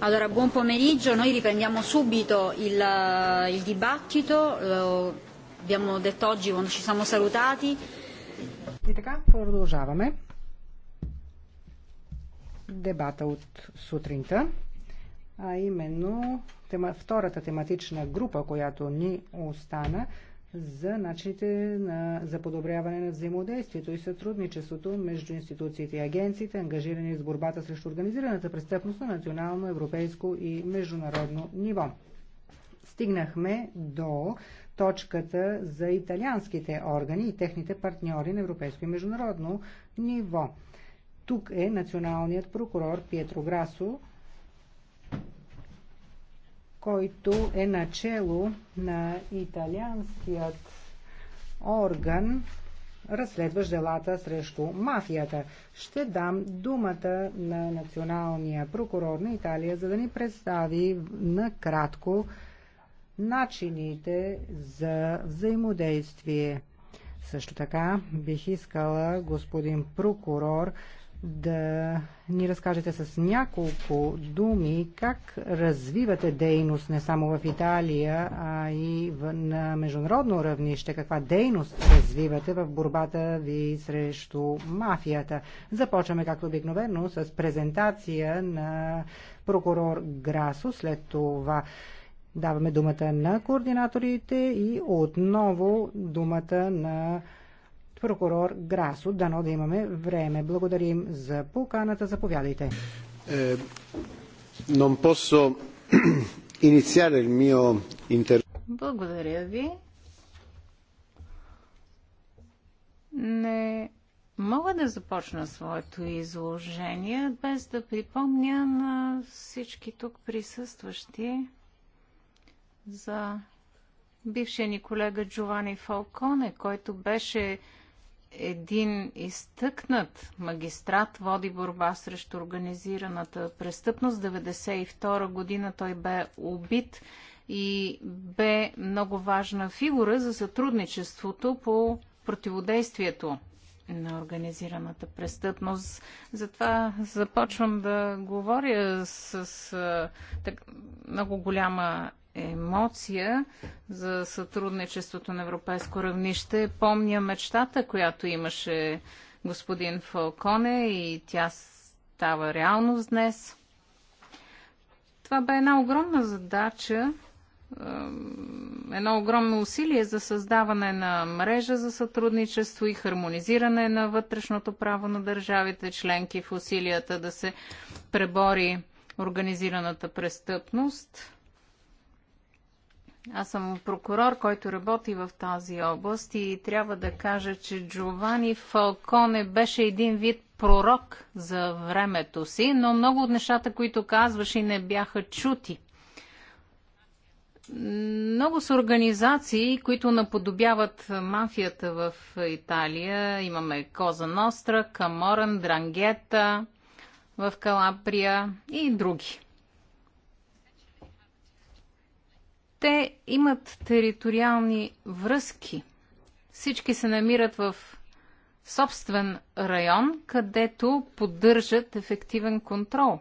Allora, buon pomeriggio, noi riprendiamo subito il, il dibattito, lo abbiamo detto oggi quando ci siamo salutati. продължаваме дебата от сутринта, а именно тема, втората тематична група, която ни остана – за начините на, за подобряване на взаимодействието и сътрудничеството между институциите и агенциите, ангажирани с борбата срещу организираната престъпност на национално, европейско и международно ниво. Стигнахме до точката за италианските органи и техните партньори на европейско и международно ниво. Тук е националният прокурор Пиетро Грасо, който е начело на италианският орган, разследващ делата срещу мафията. Ще дам думата на националния прокурор на Италия, за да ни представи накратко начините за взаимодействие. Също така бих искала господин прокурор да ни разкажете с няколко думи как развивате дейност не само в Италия, а и на международно равнище. Каква дейност развивате в борбата ви срещу мафията? Започваме, както обикновено, с презентация на прокурор Грасо. След това даваме думата на координаторите и отново думата на прокурор Грасо. Дано да имаме време. Благодарим за поканата. Заповядайте. Е, non posso iniziare il mio inter... Благодаря ви. Не мога да започна своето изложение без да припомня на всички тук присъстващи за бившия ни колега Джовани Фалконе, който беше един изтъкнат магистрат води борба срещу организираната престъпност. 1992 година той бе убит и бе много важна фигура за сътрудничеството по противодействието на организираната престъпност. Затова започвам да говоря с, так, много голяма емоция за сътрудничеството на европейско равнище. Помня мечтата, която имаше господин Фалконе и тя става реалност днес. Това бе една огромна задача, едно огромно усилие за създаване на мрежа за сътрудничество и хармонизиране на вътрешното право на държавите членки в усилията да се пребори организираната престъпност. Аз съм прокурор, който работи в тази област и трябва да кажа, че Джовани Фалконе беше един вид пророк за времето си, но много от нещата, които казваше, не бяха чути. Много са организации, които наподобяват мафията в Италия. Имаме Коза Ностра, Каморан, Дрангета в Калаприя и други. Те имат териториални връзки. Всички се намират в собствен район, където поддържат ефективен контрол.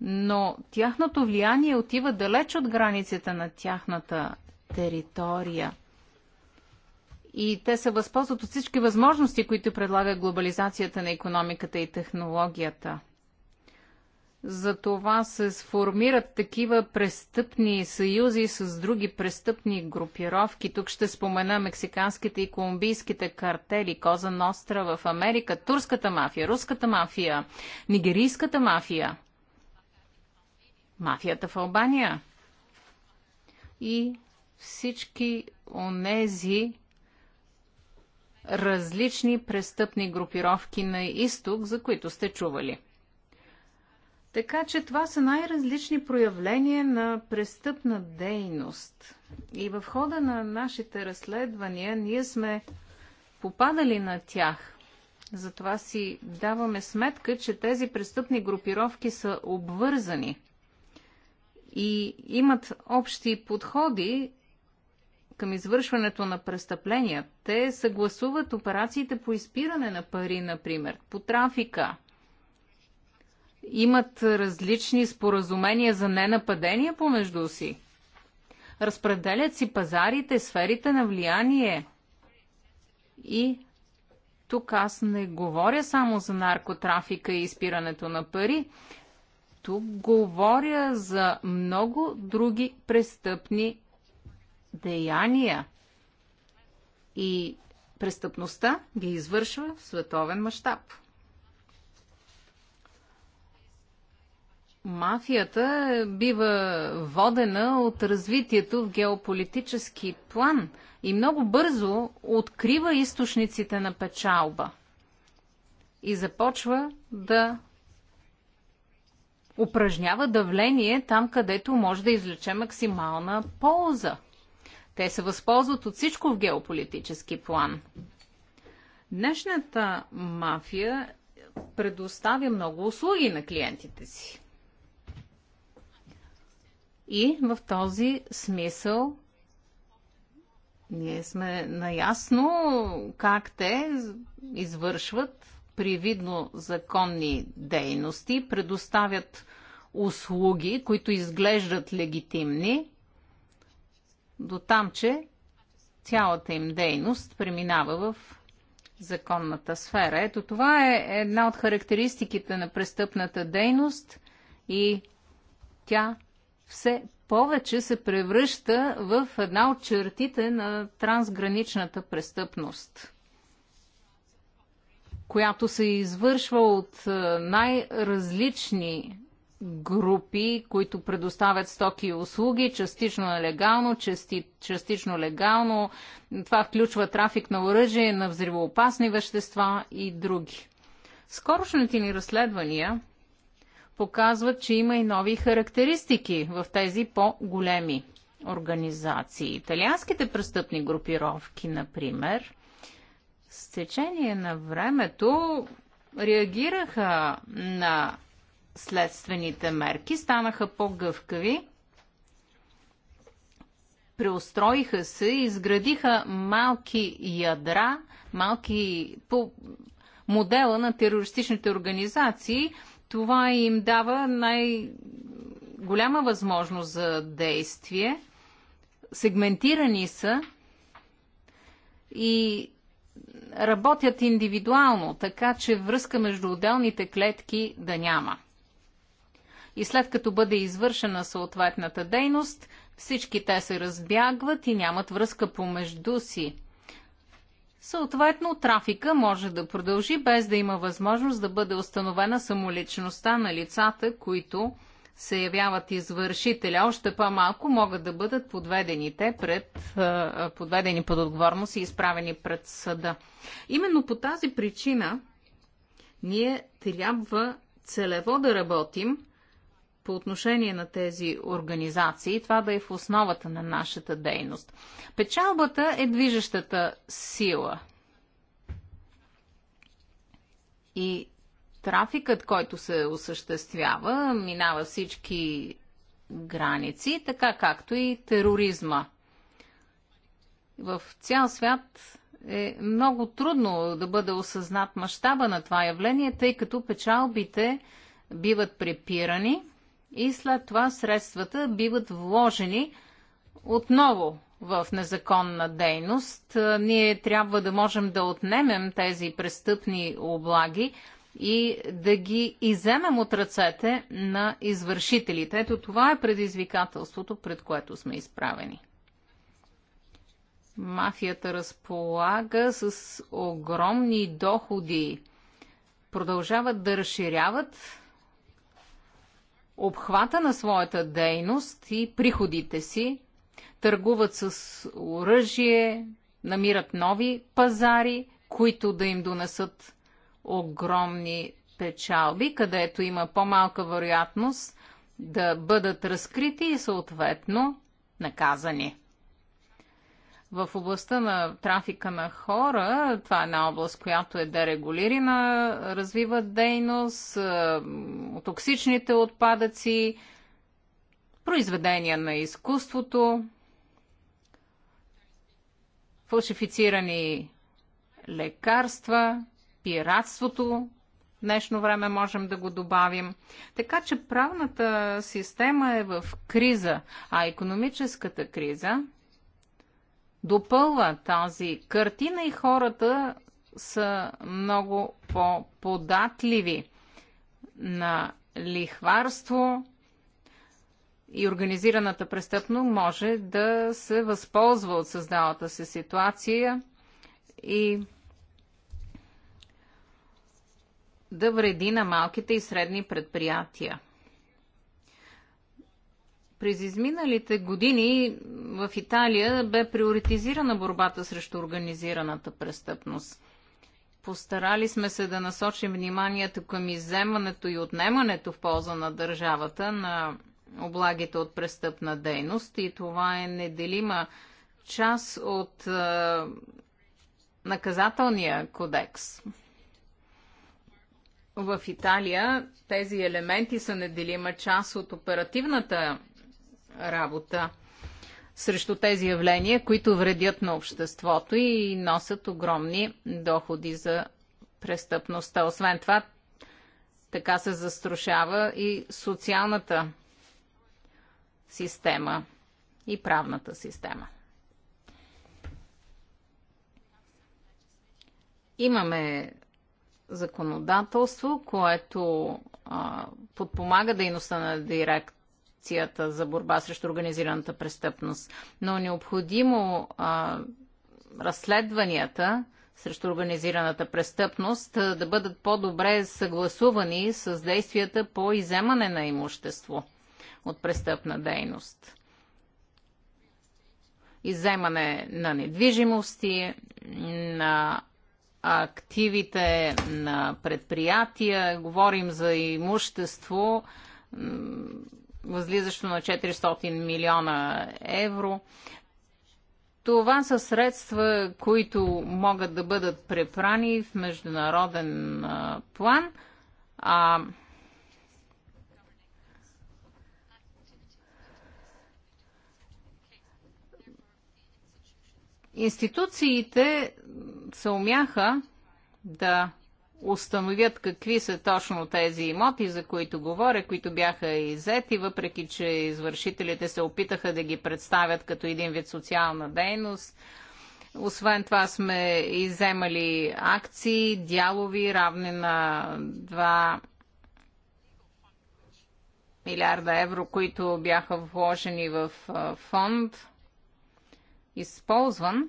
Но тяхното влияние отива далеч от границите на тяхната територия. И те се възползват от всички възможности, които предлага глобализацията на економиката и технологията за това се сформират такива престъпни съюзи с други престъпни групировки. Тук ще спомена мексиканските и колумбийските картели, Коза Ностра в Америка, турската мафия, руската мафия, нигерийската мафия, мафията в Албания и всички онези различни престъпни групировки на изток, за които сте чували. Така че това са най-различни проявления на престъпна дейност. И в хода на нашите разследвания ние сме попадали на тях. Затова си даваме сметка, че тези престъпни групировки са обвързани и имат общи подходи към извършването на престъпления. Те съгласуват операциите по изпиране на пари, например, по трафика – имат различни споразумения за ненападение помежду си. Разпределят си пазарите, сферите на влияние. И тук аз не говоря само за наркотрафика и изпирането на пари. Тук говоря за много други престъпни деяния. И престъпността ги извършва в световен мащаб. Мафията бива водена от развитието в геополитически план и много бързо открива източниците на печалба и започва да упражнява давление там, където може да извлече максимална полза. Те се възползват от всичко в геополитически план. Днешната мафия предоставя много услуги на клиентите си. И в този смисъл ние сме наясно как те извършват привидно законни дейности, предоставят услуги, които изглеждат легитимни, до там, че цялата им дейност преминава в законната сфера. Ето това е една от характеристиките на престъпната дейност и тя все повече се превръща в една от чертите на трансграничната престъпност, която се извършва от е, най-различни групи, които предоставят стоки и услуги, частично нелегално, части, частично легално. Това включва трафик на оръжие, на взривоопасни вещества и други. Скорошните ни разследвания показват, че има и нови характеристики в тези по-големи организации. Италианските престъпни групировки, например, с течение на времето реагираха на следствените мерки, станаха по-гъвкави, преустроиха се, изградиха малки ядра, малки по модела на терористичните организации – това им дава най-голяма възможност за действие. Сегментирани са и работят индивидуално, така че връзка между отделните клетки да няма. И след като бъде извършена съответната дейност, всички те се разбягват и нямат връзка помежду си. Съответно, трафика може да продължи без да има възможност да бъде установена самоличността на лицата, които се явяват извършителя, още по-малко могат да бъдат подведени те пред, подведени под отговорност и изправени пред съда. Именно по тази причина ние трябва целево да работим по отношение на тези организации. Това да е в основата на нашата дейност. Печалбата е движещата сила. И трафикът, който се осъществява, минава всички граници, така както и тероризма. В цял свят е много трудно да бъде осъзнат мащаба на това явление, тъй като печалбите биват препирани – и след това средствата биват вложени отново в незаконна дейност. Е, ние трябва да можем да отнемем тези престъпни облаги и да ги иземем от ръцете на извършителите. Ето това е предизвикателството, пред което сме изправени. Мафията разполага с огромни доходи. Продължават да разширяват обхвата на своята дейност и приходите си, търгуват с оръжие, намират нови пазари, които да им донесат огромни печалби, където има по-малка вероятност да бъдат разкрити и съответно наказани в областта на трафика на хора, това е една област, която е дерегулирана, развиват дейност, е, токсичните отпадъци, произведения на изкуството, фалшифицирани лекарства, пиратството, в днешно време можем да го добавим. Така че правната система е в криза, а економическата криза – допълва тази картина и хората са много по-податливи на лихварство и организираната престъпно може да се възползва от създалата се ситуация и да вреди на малките и средни предприятия. През изминалите години в Италия бе приоритизирана борбата срещу организираната престъпност. Постарали сме се да насочим вниманието към изземането и отнемането в полза на държавата на облагите от престъпна дейност и това е неделима част от е, наказателния кодекс. В Италия тези елементи са неделима част от оперативната работа срещу тези явления, които вредят на обществото и носят огромни доходи за престъпността. Освен това, така се заструшава и социалната система и правната система. Имаме законодателство, което а, подпомага дейността на директ акцията за борба срещу организираната престъпност. Но необходимо а, разследванията срещу организираната престъпност да бъдат по-добре съгласувани с действията по иземане на имущество от престъпна дейност. Иземане на недвижимости, на активите на предприятия, говорим за имущество възлизащо на 400 милиона евро. Това са средства, които могат да бъдат препрани в международен а, план. А, институциите се умяха да установят какви са точно тези имоти, за които говоря, които бяха иззети, въпреки че извършителите се опитаха да ги представят като един вид социална дейност. Освен това сме иземали акции, дялови, равни на 2 милиарда евро, които бяха вложени в фонд, използван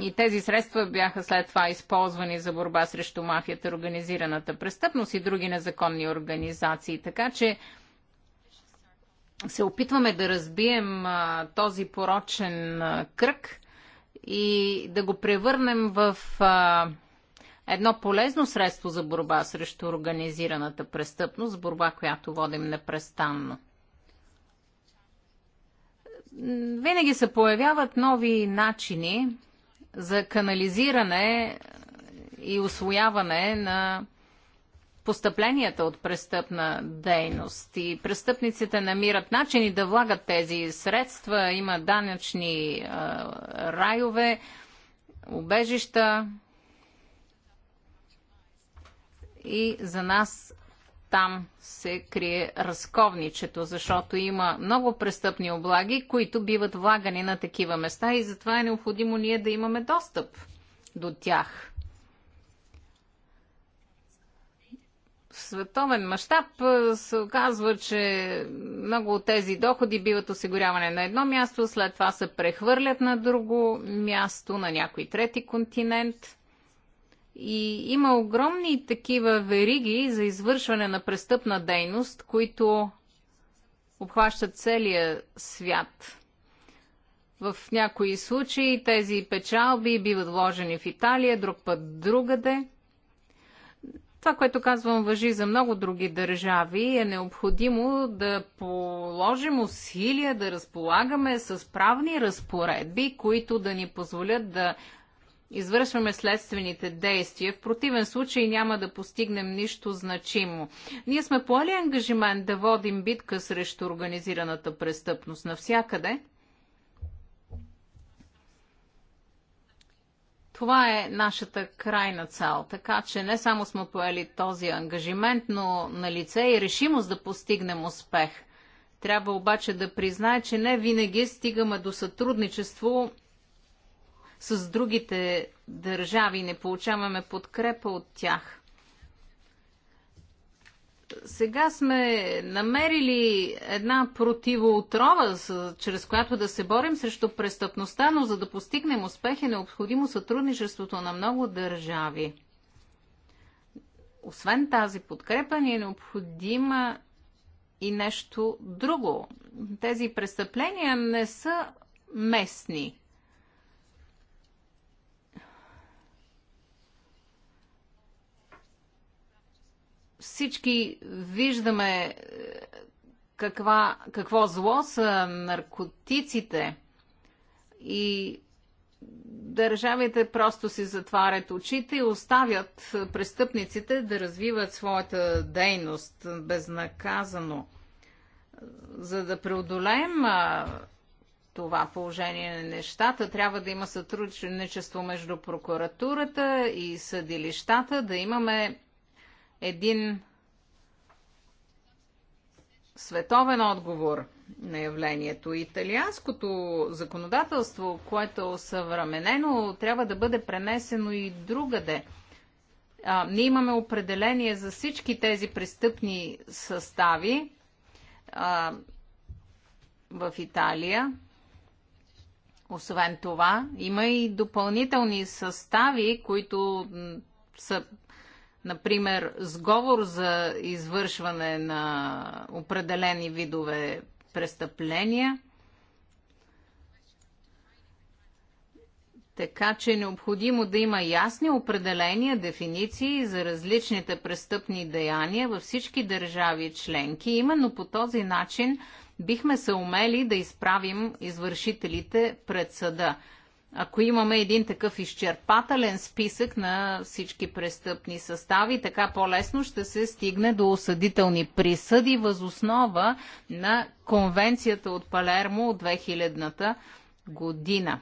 И тези средства бяха след това използвани за борба срещу мафията, организираната престъпност и други незаконни организации. Така че се опитваме да разбием а, този порочен а, кръг и да го превърнем в а, едно полезно средство за борба срещу организираната престъпност, борба, която водим непрестанно. Винаги се появяват нови начини за канализиране и освояване на постъпленията от престъпна дейност. И престъпниците намират начини да влагат тези средства. Има данъчни райове, убежища. И за нас там се крие разковничето, защото има много престъпни облаги, които биват влагани на такива места и затова е необходимо ние да имаме достъп до тях. В световен мащаб се оказва, че много от тези доходи биват осигуряване на едно място, след това се прехвърлят на друго място, на някой трети континент – и има огромни такива вериги за извършване на престъпна дейност, които обхващат целия свят. В някои случаи тези печалби биват вложени в Италия, друг път другаде. Това, което казвам, въжи за много други държави. Е необходимо да положим усилия да разполагаме с правни разпоредби, които да ни позволят да извършваме следствените действия. В противен случай няма да постигнем нищо значимо. Ние сме поели ангажимент да водим битка срещу организираната престъпност навсякъде. Това е нашата крайна цел. Така че не само сме поели този ангажимент, но на лице и е решимост да постигнем успех. Трябва обаче да признае, че не винаги стигаме до сътрудничество с другите държави, не получаваме подкрепа от тях. Сега сме намерили една противоотрова, чрез която да се борим срещу престъпността, но за да постигнем успех е необходимо сътрудничеството на много държави. Освен тази подкрепа ни е необходима и нещо друго. Тези престъпления не са местни. Всички виждаме е, каква, какво зло са наркотиците и държавите просто си затварят очите и оставят престъпниците да развиват своята дейност безнаказано. За да преодолеем това положение на нещата, трябва да има сътрудничество между прокуратурата и съдилищата, да имаме един световен отговор на явлението. Италианското законодателство, което е съвременено, трябва да бъде пренесено и другаде. А, ние имаме определение за всички тези престъпни състави а, в Италия. Освен това, има и допълнителни състави, които са например, сговор за извършване на определени видове престъпления. Така че е необходимо да има ясни определения, дефиниции за различните престъпни деяния във всички държави членки. Именно по този начин бихме се умели да изправим извършителите пред съда ако имаме един такъв изчерпателен списък на всички престъпни състави, така по-лесно ще се стигне до осъдителни присъди възоснова на конвенцията от Палермо от 2000-та година.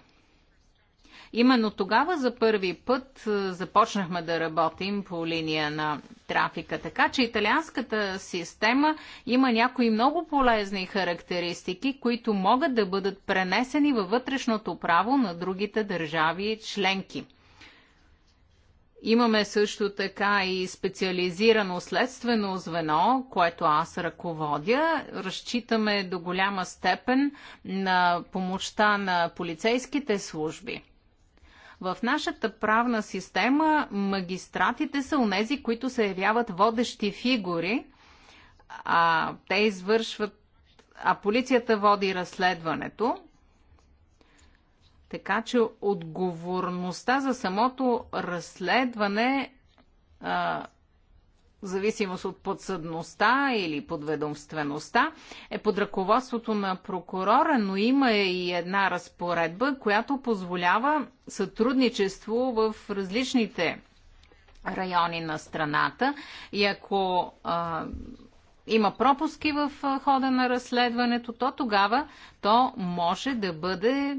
Именно тогава за първи път е, започнахме да работим по линия на трафика. Така че италианската система има някои много полезни характеристики, които могат да бъдат пренесени във вътрешното право на другите държави членки. Имаме също така и специализирано следствено звено, което аз ръководя. Разчитаме до голяма степен на помощта на полицейските служби. В нашата правна система магистратите са унези, които се явяват водещи фигури, а те извършват, а полицията води разследването. Така че отговорността за самото разследване а, в зависимост от подсъдността или подведомствеността, е под ръководството на прокурора, но има и една разпоредба, която позволява сътрудничество в различните райони на страната. И ако а, има пропуски в хода на разследването, то тогава то може да бъде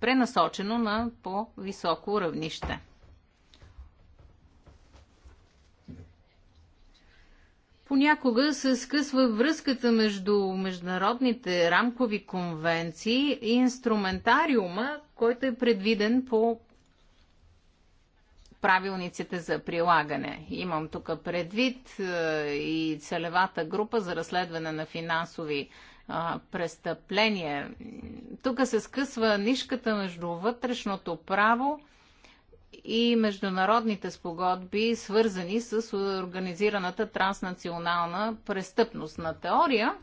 пренасочено на по-високо равнище. понякога се скъсва връзката между международните рамкови конвенции и инструментариума, който е предвиден по правилниците за прилагане. Имам тук предвид е, и целевата група за разследване на финансови е, престъпления. Тук се скъсва нишката между вътрешното право и международните спогодби, свързани с организираната транснационална престъпност. На теория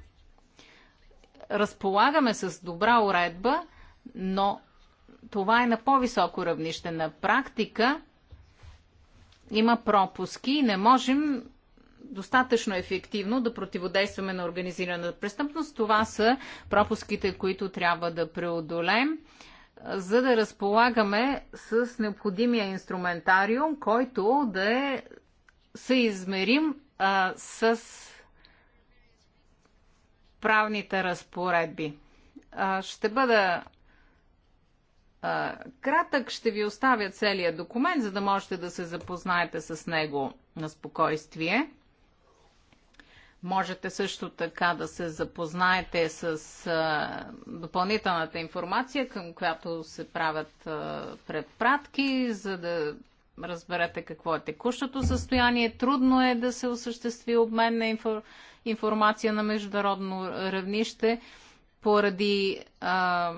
разполагаме с добра уредба, но това е на по-високо равнище. На практика има пропуски и не можем достатъчно ефективно да противодействаме на организираната престъпност. Това са пропуските, които трябва да преодолеем за да разполагаме с необходимия инструментариум, който да е съизмерим а, с правните разпоредби. А, ще бъда а, кратък, ще ви оставя целият документ, за да можете да се запознаете с него на спокойствие. Можете също така да се запознаете с а, допълнителната информация, към която се правят а, препратки, за да разберете какво е текущото състояние. Трудно е да се осъществи обмен на инфор... информация на международно равнище поради а,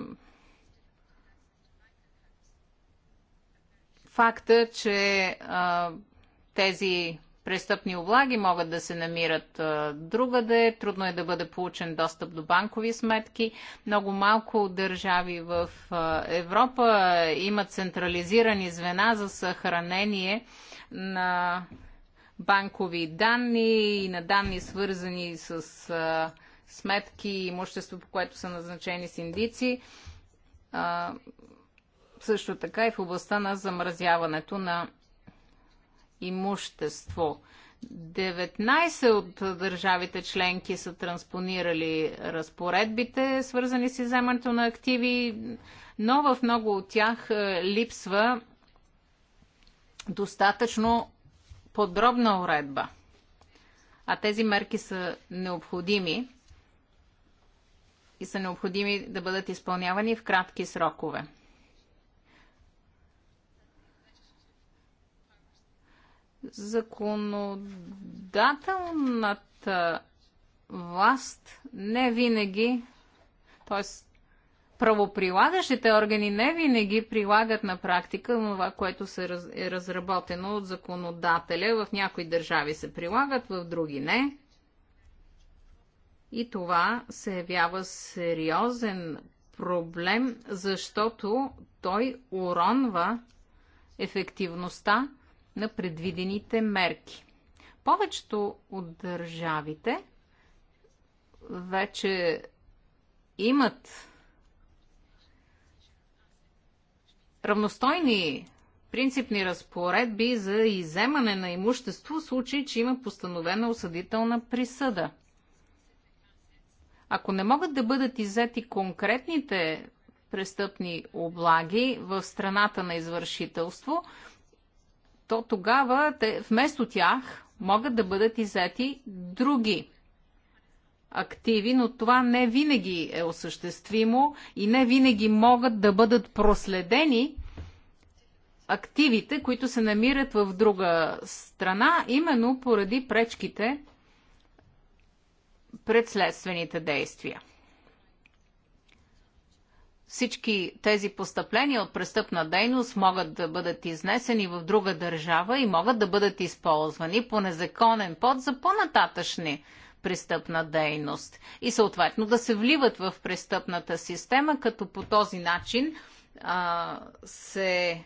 факта, че а, тези престъпни облаги могат да се намират другаде, трудно е да бъде получен достъп до банкови сметки. Много малко държави в Европа имат централизирани звена за съхранение на банкови данни и на данни свързани с сметки и имущество, по което са назначени синдици. А, също така и в областта на замразяването на имущество. 19 от държавите членки са транспонирали разпоредбите, свързани с иземането на активи, но в много от тях е, липсва достатъчно подробна уредба. А тези мерки са необходими и са необходими да бъдат изпълнявани в кратки срокове. законодателната власт не винаги, т.е. правоприлагащите органи не винаги прилагат на практика това, което се е разработено от законодателя. В някои държави се прилагат, в други не. И това се явява сериозен проблем, защото той уронва ефективността на предвидените мерки. Повечето от държавите вече имат равностойни принципни разпоредби за иземане на имущество в случай, че има постановена осъдителна присъда. Ако не могат да бъдат иззети конкретните престъпни облаги в страната на извършителство, то тогава те, вместо тях могат да бъдат иззети други активи, но това не винаги е осъществимо и не винаги могат да бъдат проследени активите, които се намират в друга страна, именно поради пречките пред следствените действия всички тези постъпления от престъпна дейност могат да бъдат изнесени в друга държава и могат да бъдат използвани по незаконен под за по-нататъчни престъпна дейност и съответно да се вливат в престъпната система, като по този начин а, се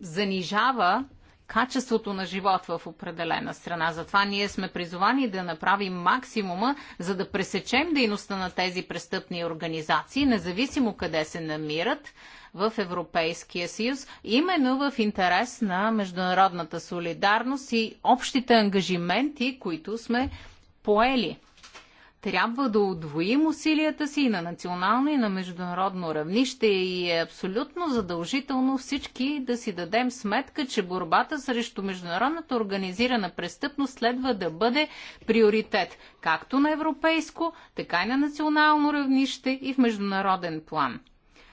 занижава качеството на живот в определена страна. Затова ние сме призовани да направим максимума, за да пресечем дейността на тези престъпни организации, независимо къде се намират в Европейския съюз, именно в интерес на международната солидарност и общите ангажименти, които сме поели трябва да удвоим усилията си и на национално и на международно равнище и е абсолютно задължително всички да си дадем сметка, че борбата срещу международната организирана престъпност следва да бъде приоритет както на европейско, така и на национално равнище и в международен план.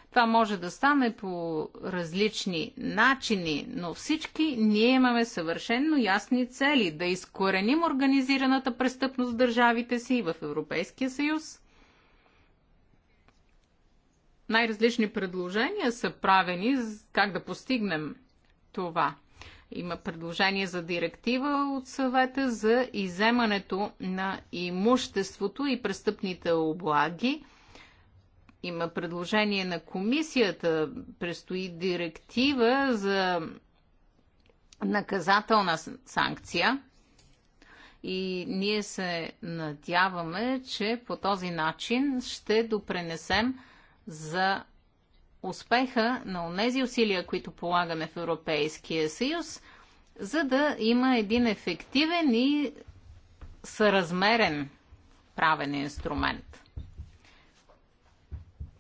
Това може да стане по различни начини, но всички ние имаме съвършенно ясни цели да изкореним организираната престъпност в държавите си и в Европейския съюз. Най-различни предложения са правени как да постигнем това. Има предложение за директива от съвета за иземането на имуществото и престъпните облаги – има предложение на комисията, предстои директива за наказателна санкция и ние се надяваме, че по този начин ще допренесем за успеха на тези усилия, които полагаме в Европейския съюз, за да има един ефективен и съразмерен правен инструмент.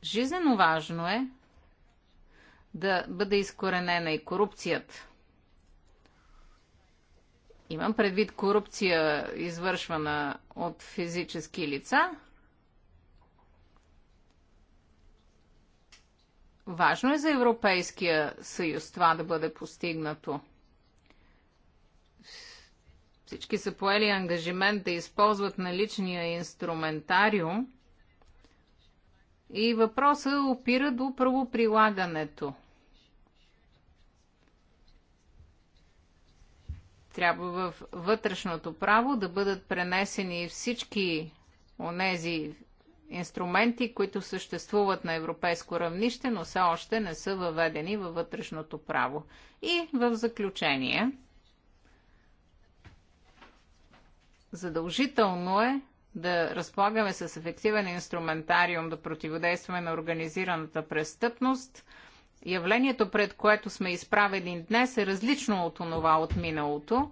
Жизнено важно е да бъде изкоренена и корупцията. Имам предвид корупция, извършвана от физически лица. Важно е за Европейския съюз това да бъде постигнато. Всички са поели ангажимент да използват наличния инструментариум – и въпросът опира до правоприлагането. Трябва в вътрешното право да бъдат пренесени всички онези инструменти, които съществуват на европейско равнище, но все още не са въведени във вътрешното право. И в заключение, задължително е да разполагаме с ефективен инструментариум да противодействаме на организираната престъпност. Явлението, пред което сме изправени днес, е различно от онова от миналото.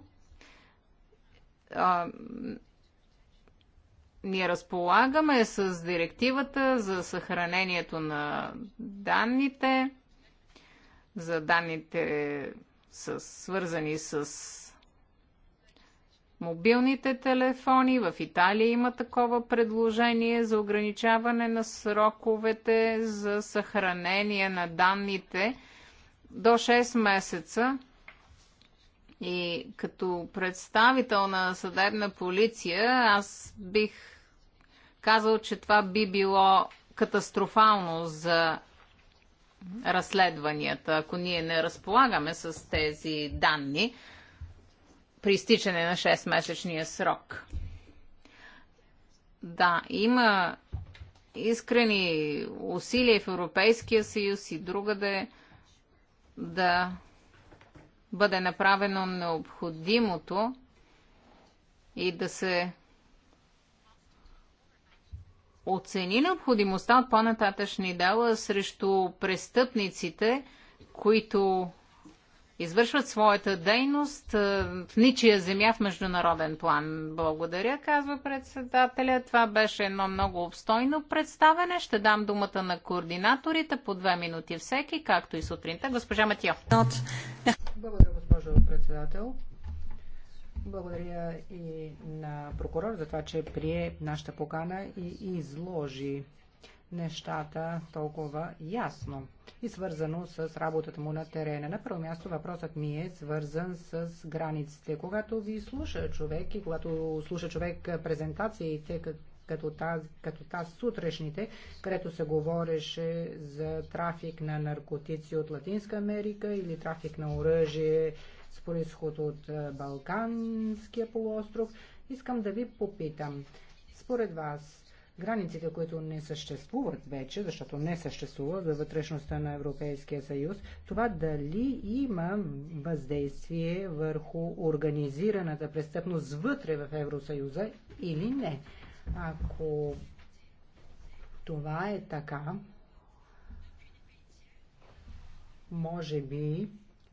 А, ние разполагаме с директивата за съхранението на данните, за данните с, свързани с мобилните телефони. В Италия има такова предложение за ограничаване на сроковете за съхранение на данните до 6 месеца. И като представител на съдебна полиция, аз бих казал, че това би било катастрофално за разследванията, ако ние не разполагаме с тези данни при изтичане на 6-месечния срок. Да, има искрени усилия в Европейския съюз и другаде да бъде направено необходимото и да се оцени необходимостта от по-нататъчни дела срещу престъпниците, които извършват своята дейност е, в ничия земя в международен план. Благодаря, казва председателя. Това беше едно много обстойно представене. Ще дам думата на координаторите по две минути всеки, както и сутринта. Госпожа Матио. Благодаря, госпожо председател. Благодаря и на прокурор за това, че прие нашата покана и изложи нещата толкова ясно и свързано с работата му на терена. На първо място въпросът ми е свързан с границите. Когато ви слуша човек и когато слуша човек презентациите, като, като тази та сутрешните, където се говореше за трафик на наркотици от Латинска Америка или трафик на оръжие с происход от е, Балканския полуостров, искам да ви попитам. Според вас, границите, които не съществуват вече, защото не съществуват за вътрешността на Европейския съюз, това дали има въздействие върху организираната престъпност вътре в Евросъюза или не. Ако това е така, може би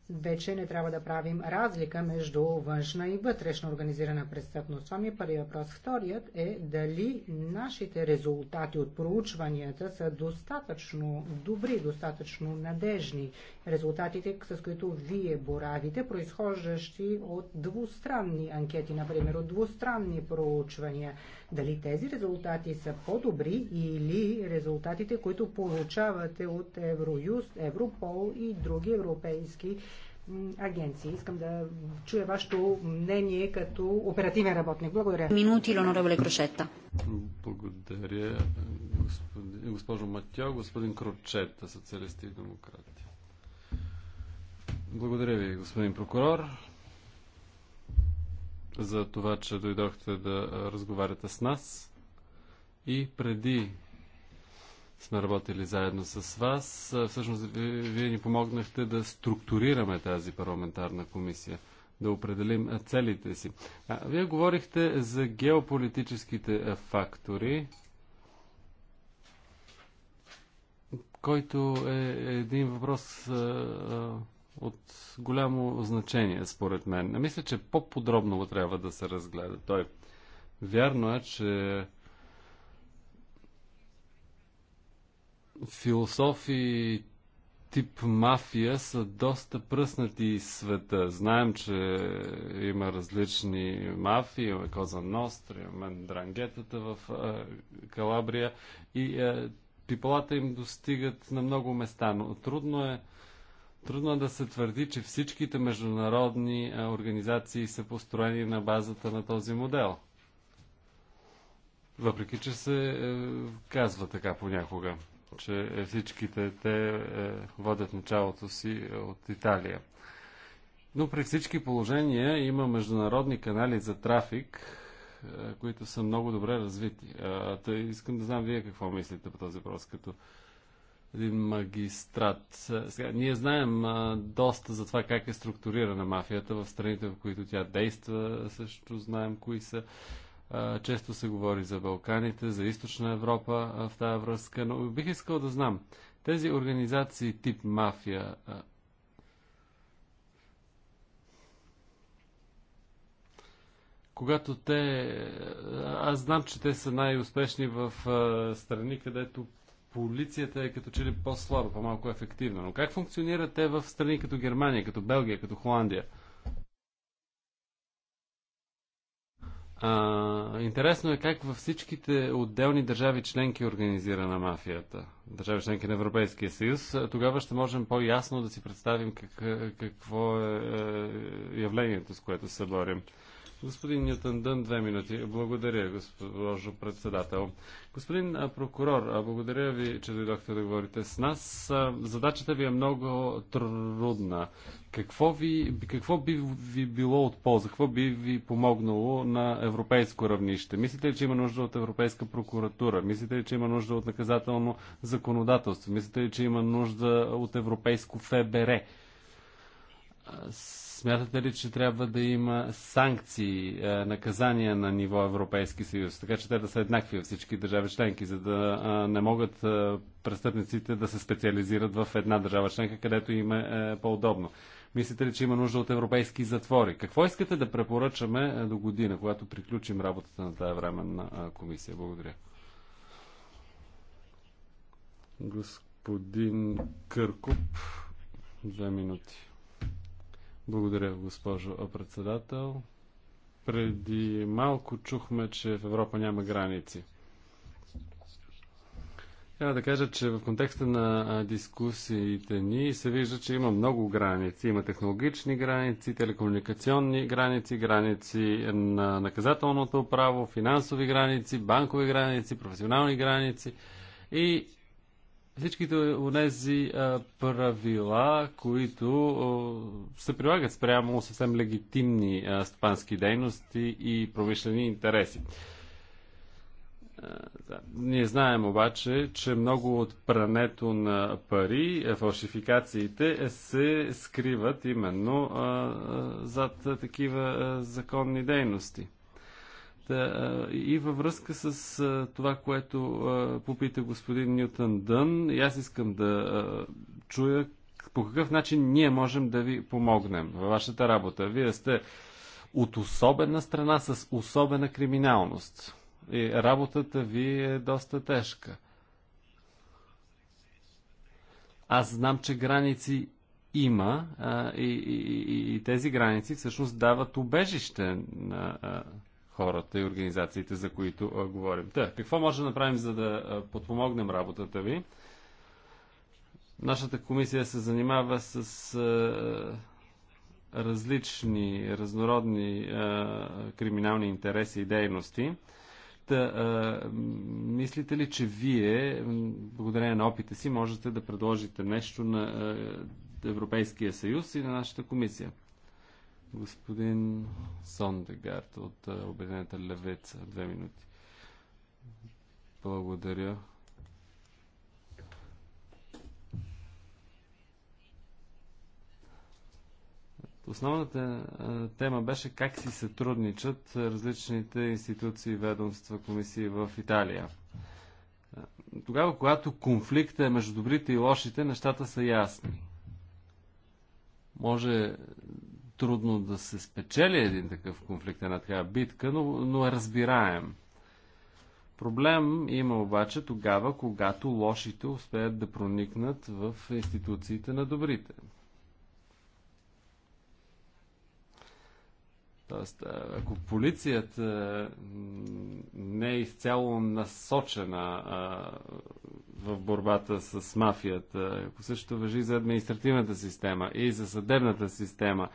вече не трябва да правим разлика между външна и вътрешна организирана престъпност. Това ми е първият въпрос. Вторият е дали нашите резултати от проучванията са достатъчно добри, достатъчно надежни. Резултатите, с които вие боравите, произхождащи от двустранни анкети, например, от двустранни проучвания. Дали тези резултати са по-добри или резултатите, които получавате от Евроюст, Европол и други европейски Агенция, Искам да чуя вашето мнение като оперативен работник. Благодаря. Минути, лоноревле Крошета. Благодаря, господин, госпожо Матьо, господин Крочета, социалисти и демократи. Благодаря ви, господин прокурор, за това, че дойдохте да разговаряте с нас. И преди сме работили заедно с вас. Всъщност, вие ни помогнахте да структурираме тази парламентарна комисия, да определим целите си. А, вие говорихте за геополитическите фактори, който е един въпрос от голямо значение, според мен. Не мисля, че по-подробно го трябва да се разгледа той. Вярно е, че философи тип мафия са доста пръснати из света. Знаем, че има различни мафии, има Коза Ностра, има Дрангетата в а, Калабрия и а, пипалата им достигат на много места, но трудно е Трудно е да се твърди, че всичките международни организации са построени на базата на този модел. Въпреки, че се е, казва така понякога че е, всичките те е, водят началото си е, от Италия. Но при всички положения има международни канали за трафик, които са много добре развити. Та искам да знам вие какво мислите по този въпрос, като един магистрат. Сега, ние знаем а, доста за това как е структурирана мафията в страните, в които тя действа. Също знаем кои са често се говори за Балканите, за Източна Европа в тази връзка, но бих искал да знам, тези организации тип мафия, когато те... Аз знам, че те са най-успешни в страни, където полицията е като че ли по-слаба, по-малко ефективна. Но как функционират те в страни като Германия, като Белгия, като Холандия? А, интересно е как във всичките отделни държави членки е организирана мафията. Държави членки на Европейския съюз. Тогава ще можем по-ясно да си представим как, какво е, е явлението, с което се борим. Господин Нютон Дън, две минути. Благодаря, госпожо председател. Господин прокурор, благодаря ви, че дойдохте да говорите с нас. Задачата ви е много трудна. Какво, ви, какво би ви било от полза? Какво би ви помогнало на европейско равнище? Мислите ли, че има нужда от Европейска прокуратура? Мислите ли, че има нужда от наказателно законодателство? Мислите ли, че има нужда от Европейско ФБР? Смятате ли, че трябва да има санкции, е, наказания на ниво Европейски съюз, така че те да са еднакви във всички държави членки, за да е, не могат е, престъпниците да се специализират в една държава членка, където им е по-удобно? Мислите ли, че има нужда от европейски затвори? Какво искате да препоръчаме до година, когато приключим работата на тази временна комисия? Благодаря. Господин Къркоп, две минути. Благодаря, госпожо председател. Преди малко чухме, че в Европа няма граници. Трябва да кажа, че в контекста на дискусиите ни се вижда, че има много граници. Има технологични граници, телекомуникационни граници, граници на наказателното право, финансови граници, банкови граници, професионални граници. И всичките тези правила, които се прилагат спрямо съвсем легитимни стопански дейности и промишлени интереси. Ние знаем обаче, че много от прането на пари, е, фалшификациите е, се скриват именно зад такива законни дейности. Та, и във връзка с това, което попита господин Нютън Дън, и аз искам да чуя по какъв начин ние можем да ви помогнем във вашата работа. Вие сте от особена страна с особена криминалност. И работата ви е доста тежка. Аз знам, че граници има а, и, и, и тези граници всъщност дават убежище на. А, хората и организациите, за които а, говорим. Та, какво може да направим, за да а, подпомогнем работата ви? Нашата комисия се занимава с а, различни, разнородни а, криминални интереси и дейности. Та, а, мислите ли, че вие, благодарение на опита си, можете да предложите нещо на а, Европейския съюз и на нашата комисия? Господин Сондегард от е, Обединената левеца. Две минути. Благодаря. Основната е, тема беше как си сътрудничат различните институции, ведомства, комисии в Италия. Е, тогава, когато конфликта е между добрите и лошите, нещата са ясни. Може трудно да се спечели един такъв конфликт, една такава битка, но, но е разбираем. Проблем има обаче тогава, когато лошите успеят да проникнат в институциите на добрите. Тоест, ако полицията не е изцяло насочена а, в борбата с мафията, ако също въжи за административната система и за съдебната система,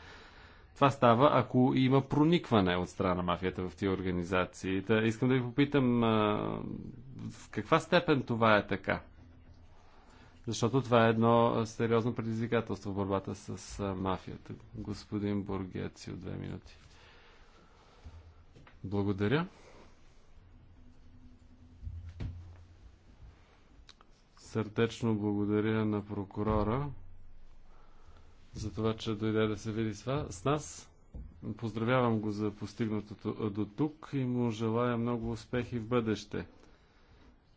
това става, ако има проникване от страна на мафията в тия организации. Та, искам да ви попитам в каква степен това е така? Защото това е едно сериозно предизвикателство в борбата с мафията. Господин Бургеци от две минути. Благодаря. Сърдечно благодаря на прокурора за това, че дойде да се види с нас. Поздравявам го за постигнатото до тук и му желая много успехи в бъдеще.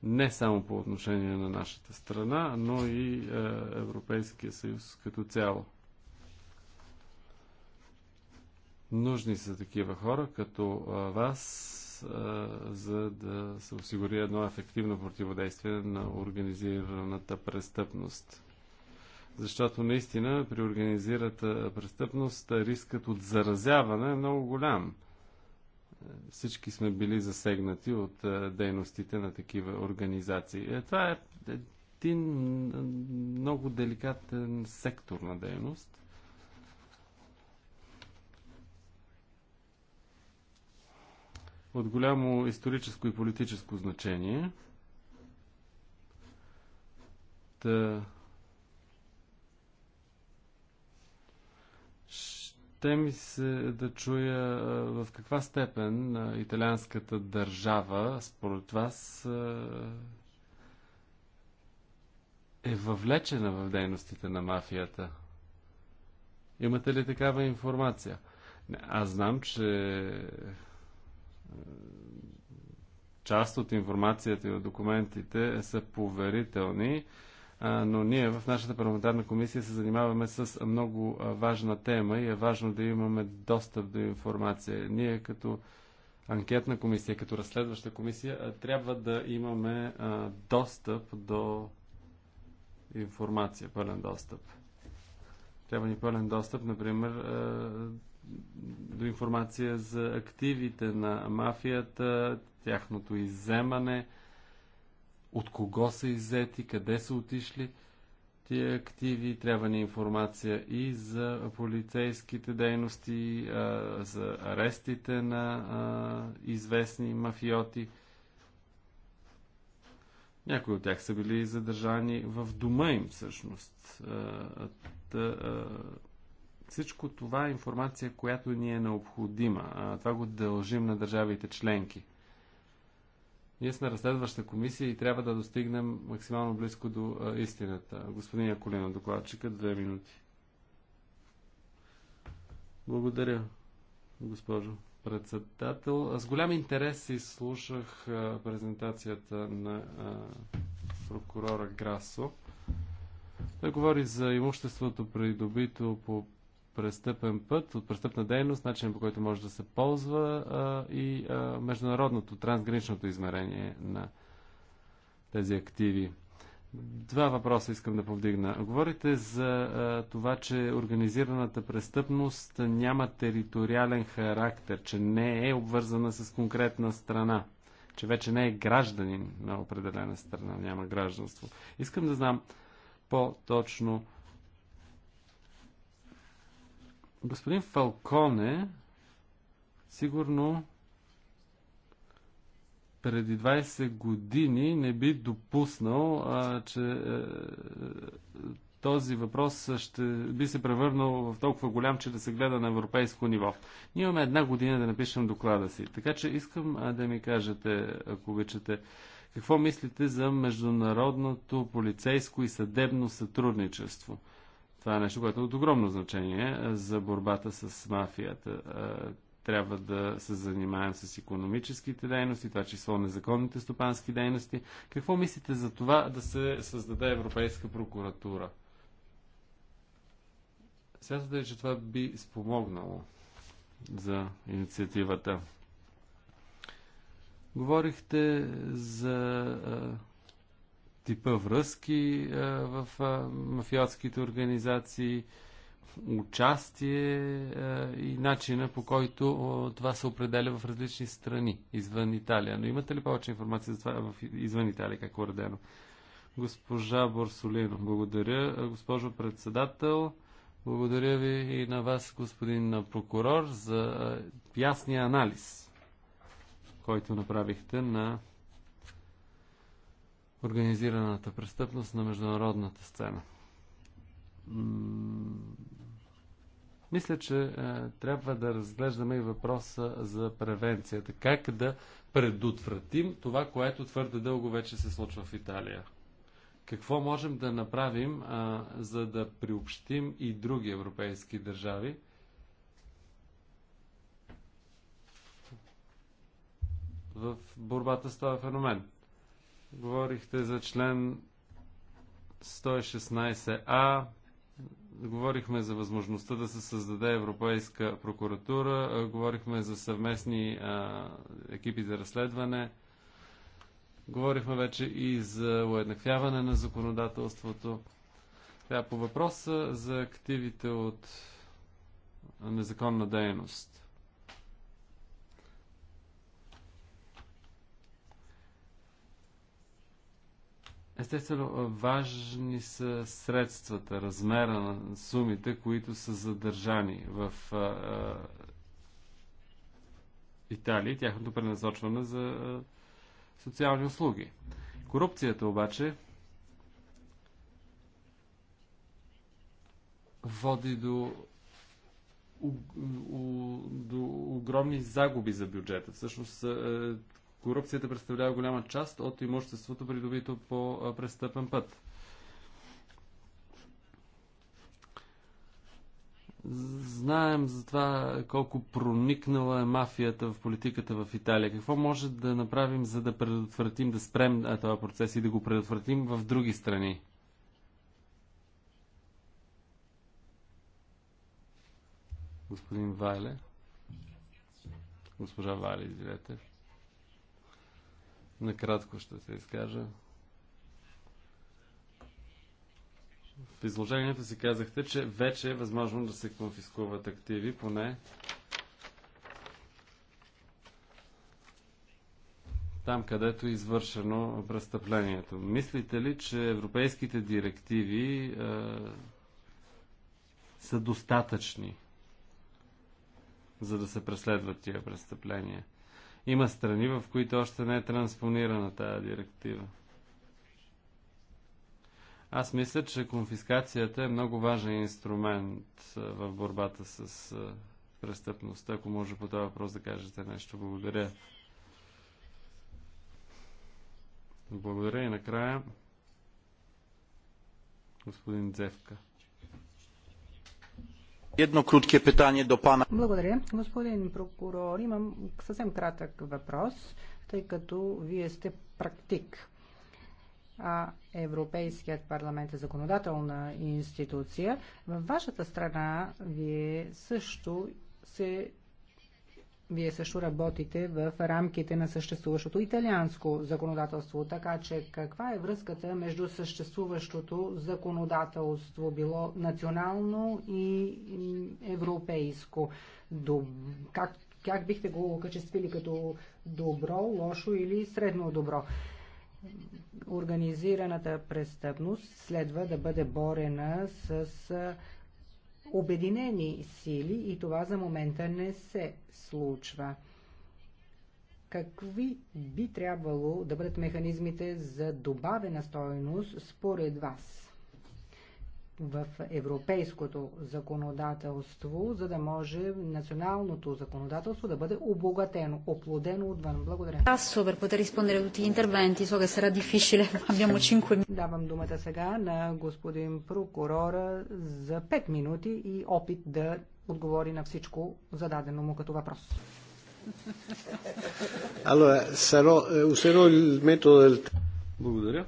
Не само по отношение на нашата страна, но и Европейския съюз като цяло. Нужни са такива хора като вас, за да се осигури едно ефективно противодействие на организираната престъпност защото наистина при организирата престъпност рискът от заразяване е много голям. Всички сме били засегнати от е, дейностите на такива организации. Е, това е един много деликатен сектор на дейност. От голямо историческо и политическо значение. Та... Ще ми се да чуя в каква степен италианската държава, според вас, е въвлечена в дейностите на мафията. Имате ли такава информация? Аз знам, че част от информацията и от документите са поверителни но ние в нашата парламентарна комисия се занимаваме с много важна тема и е важно да имаме достъп до информация. Ние като анкетна комисия, като разследваща комисия, трябва да имаме достъп до информация, пълен достъп. Трябва ни пълен достъп, например, до информация за активите на мафията, тяхното изземане – от кого са иззети, къде са отишли тия активи, трябва ни информация и за полицейските дейности, а, за арестите на а, известни мафиоти. Някои от тях са били задържани в дома им, всъщност. А, всичко това е информация, която ни е необходима. Това го дължим на държавите членки. Ние сме разследваща комисия и трябва да достигнем максимално близко до а, истината. Господин Яколина, докладчика, две минути. Благодаря, госпожо председател. С голям интерес изслушах а, презентацията на а, прокурора Грасо. Той говори за имуществото придобито по престъпен път, от престъпна дейност, начин по който може да се ползва а, и а, международното, трансграничното измерение на тези активи. Два въпроса искам да повдигна. Говорите за а, това, че организираната престъпност няма териториален характер, че не е обвързана с конкретна страна, че вече не е гражданин на определена страна, няма гражданство. Искам да знам по-точно Господин Фалконе сигурно преди 20 години не би допуснал, а, че а, е, този въпрос ще би се превърнал в толкова голям, че да се гледа на европейско ниво. Ние имаме една година да напишем доклада си, така че искам а, да ми кажете, ако обичате, какво мислите за международното полицейско и съдебно сътрудничество? Това е нещо, което е от огромно значение за борбата с мафията. Трябва да се занимаем с економическите дейности, това число незаконните стопански дейности. Какво мислите за това да се създаде Европейска прокуратура? Смятате ли, че това би спомогнало за инициативата? Говорихте за типа връзки в мафиотските организации, участие и начина по който това се определя в различни страни извън Италия. Но имате ли повече информация за това в, извън Италия, какво е уредено? Госпожа Борсолино, благодаря. Госпожо председател, благодаря ви и на вас, господин прокурор, за ясния анализ, който направихте на организираната престъпност на международната сцена. Мисля, че е, трябва да разглеждаме и въпроса за превенцията. Как да предотвратим това, което твърде дълго вече се случва в Италия? Какво можем да направим, а, е, за да приобщим и други европейски държави? в борбата с това феномен. Говорихте за член 116а. Говорихме за възможността да се създаде Европейска прокуратура. Говорихме за съвместни а, екипи за разследване. Говорихме вече и за уеднаквяване на законодателството. Тя по въпроса за активите от незаконна дейност. Естествено, важни са средствата, размера на сумите, които са задържани в а, Италия и тяхното пренасочване за а, социални услуги. Корупцията обаче води до, у, у, до огромни загуби за бюджета. Всъщност корупцията представлява голяма част от имуществото, придобито по престъпен път. Знаем за това колко проникнала е мафията в политиката в Италия. Какво може да направим, за да предотвратим, да спрем този процес и да го предотвратим в други страни? Господин Вайле. Госпожа Вайле, извинете. Накратко ще се изкажа. В изложението си казахте, че вече е възможно да се конфискуват активи, поне там, където е извършено престъплението. Мислите ли, че европейските директиви е, са достатъчни, за да се преследват тия престъпления? Има страни, в които още не е транспонирана тази директива. Аз мисля, че конфискацията е много важен инструмент в борбата с престъпността. Ако може по този въпрос да кажете нещо, благодаря. Благодаря и накрая господин Дзевка. Едно кратко питание до пана. Благодаря. Господин прокурор, имам съвсем кратък въпрос, тъй като вие сте практик. А Европейският парламент е законодателна институция. Във вашата страна вие също се вие също работите в рамките на съществуващото италианско законодателство. Така че каква е връзката между съществуващото законодателство, било национално и европейско? Доб... Как, как бихте го окачествили като добро, лошо или средно добро? Организираната престъпност следва да бъде борена с обединени сили и това за момента не се случва. Какви би трябвало да бъдат механизмите за добавена стоеност според вас? в европейското законодателство, за да може националното законодателство да бъде обогатено, оплодено отвън. Благодаря. Passo per poter rispondere a tutti gli interventi, so che sarà difficile, abbiamo 5 Давам думата сега на господин прокурора за 5 минути и опит да отговори на всичко зададено му като въпрос. Allora, sarò, userò eh, il metodo del... Благодаря.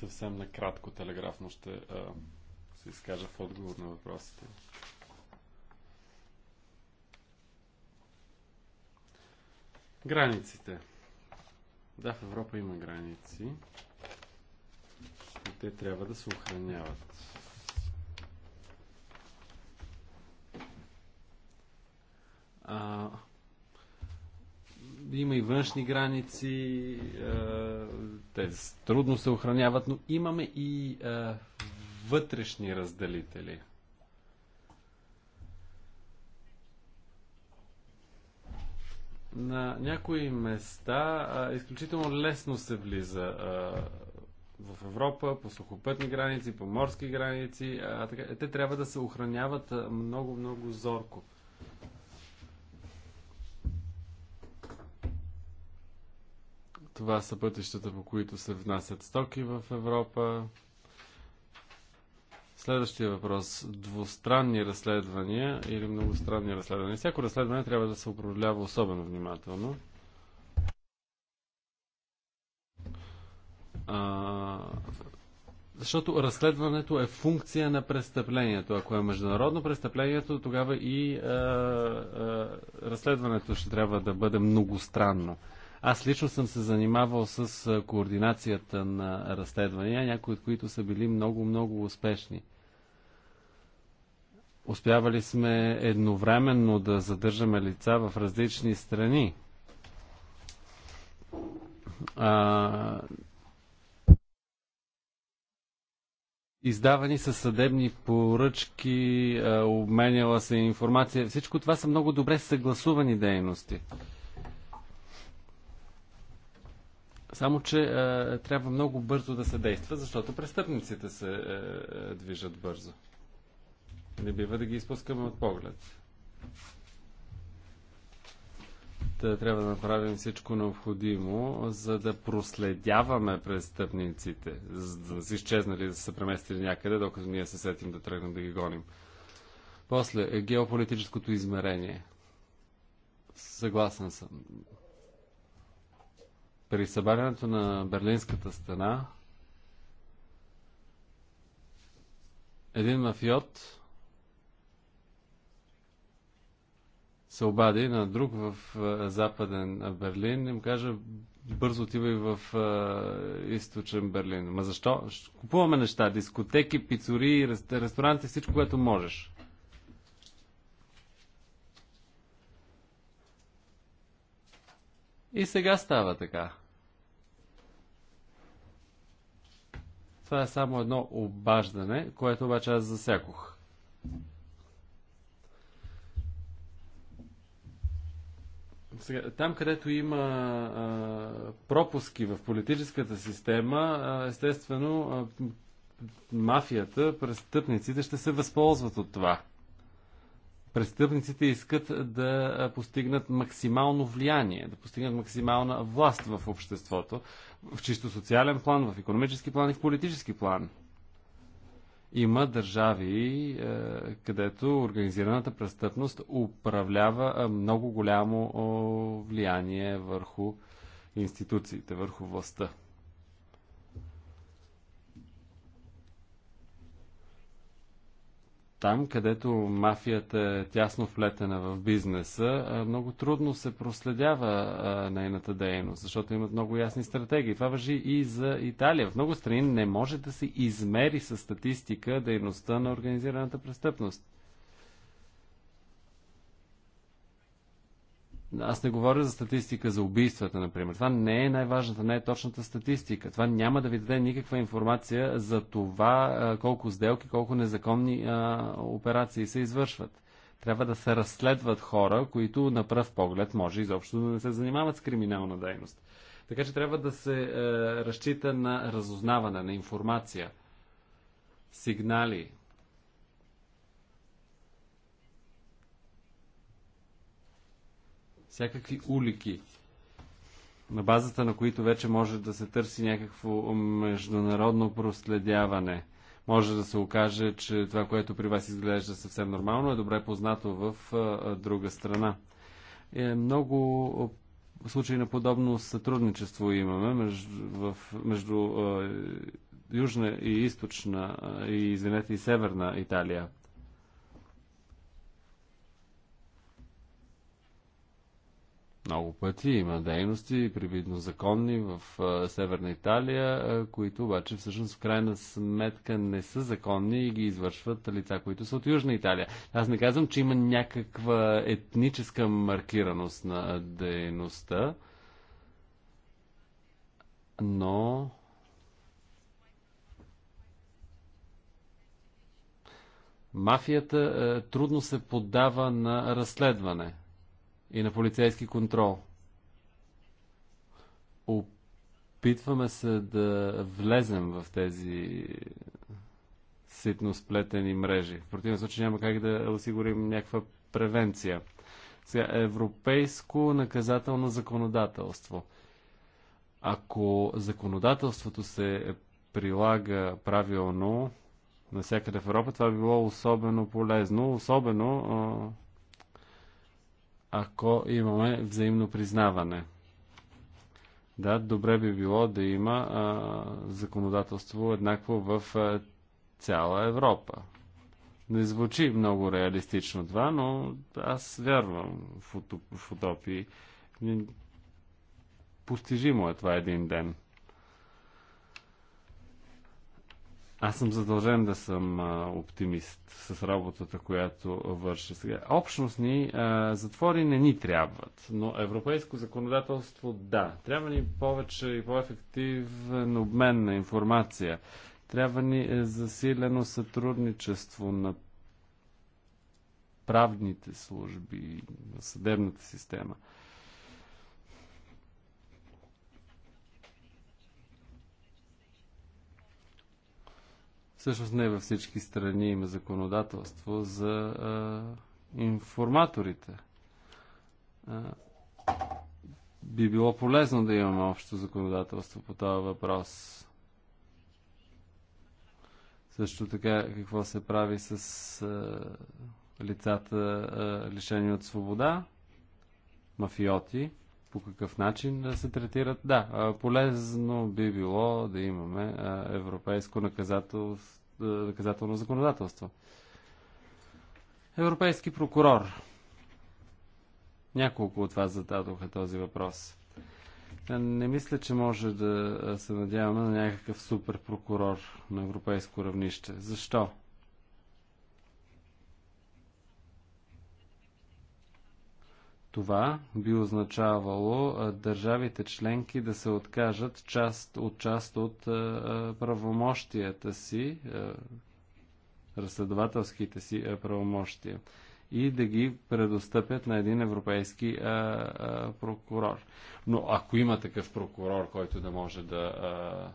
Съвсем накратко, телеграфно ще а, се изкажа в отговор на въпросите. Границите. Да, в Европа има граници. И те трябва да се охраняват. А, има и външни граници, е, те трудно се охраняват, но имаме и е, вътрешни разделители. На някои места е, изключително лесно се влиза в Европа по сухопътни граници, по морски граници. А, те трябва да се охраняват много-много зорко. Това са пътищата, по които се внасят стоки в Европа. Следващия въпрос. Двустранни разследвания или многостранни разследвания. Всяко разследване трябва да се управлява особено внимателно. А, защото разследването е функция на престъплението. Ако е международно престъплението, тогава и а, а, разследването ще трябва да бъде многостранно. Аз лично съм се занимавал с координацията на разследвания, някои от които са били много-много успешни. Успявали сме едновременно да задържаме лица в различни страни. А, Издавани са съдебни поръчки, обменяла се информация. Всичко това са много добре съгласувани дейности. Само, че е, трябва много бързо да се действа, защото престъпниците се е, е, движат бързо. Не бива да ги изпускаме от поглед. Та, трябва да направим всичко необходимо, за да проследяваме престъпниците, за да са изчезнали, да са преместили някъде, докато ние се сетим да тръгнем да ги гоним. После, е геополитическото измерение. Съгласен съм при събарянето на Берлинската стена един мафиот се обади на друг в западен Берлин и му каже бързо отивай в източен Берлин. Ма защо? Купуваме неща, дискотеки, пицури, ресторанти, всичко, което можеш. И сега става така. Това е само едно обаждане, което обаче аз засякох. Сега, там, където има а, пропуски в политическата система, а, естествено, а, мафията, престъпниците ще се възползват от това престъпниците искат да постигнат максимално влияние, да постигнат максимална власт в обществото, в чисто социален план, в економически план и в политически план. Има държави, е, където организираната престъпност управлява е, много голямо влияние върху институциите, върху властта. там, където мафията е тясно влетена в бизнеса, много трудно се проследява нейната дейност, защото имат много ясни стратегии. Това въжи и за Италия. В много страни не може да се измери с статистика дейността на организираната престъпност. Аз не говоря за статистика за убийствата, например. Това не е най-важната, не е точната статистика. Това няма да ви даде никаква информация за това колко сделки, колко незаконни а, операции се извършват. Трябва да се разследват хора, които на пръв поглед може изобщо да не се занимават с криминална дейност. Така че трябва да се е, разчита на разузнаване, на информация, сигнали, всякакви улики, на базата на които вече може да се търси някакво международно проследяване. Може да се окаже, че това, което при вас изглежда съвсем нормално, е добре познато в друга страна. Е, много случаи на подобно сътрудничество имаме между, в, между е, Южна и Източна, и, извинете, и Северна Италия. Много пъти има дейности, привидно законни в Северна Италия, които обаче всъщност в крайна сметка не са законни и ги извършват лица, които са от Южна Италия. Аз не казвам, че има някаква етническа маркираност на дейността, но. Мафията трудно се поддава на разследване и на полицейски контрол. Опитваме се да влезем в тези ситно сплетени мрежи. В противен случай няма как да осигурим някаква превенция. Сега, европейско наказателно законодателство. Ако законодателството се прилага правилно навсякъде в Европа, това би било особено полезно, особено ако имаме взаимно признаване. Да, добре би било да има а, законодателство еднакво в а, цяла Европа. Не звучи много реалистично това, но аз вярвам в, утоп, в утопии. Постижимо е това един ден. Аз съм задължен да съм а, оптимист с работата, която върша сега. Общностни а, затвори не ни трябват, но европейско законодателство да. Трябва ни повече и по-ефективен обмен на информация. Трябва ни е, засилено сътрудничество на правните служби, на съдебната система. А, Всъщност не във всички страни има законодателство за а, информаторите. А, би било полезно да имаме общо законодателство по този въпрос. Също така, какво се прави с а, лицата а, лишени от свобода, мафиоти по какъв начин се третират. Да, полезно би било да имаме европейско наказателство, наказателно законодателство. Европейски прокурор. Няколко от вас зададоха този въпрос. Не мисля, че може да се надяваме на някакъв супер прокурор на европейско равнище. Защо? Това би означавало държавите членки да се откажат част от част от правомощията си, разследователските си правомощия и да ги предостъпят на един европейски а, а, прокурор. Но ако има такъв прокурор, който да може да а,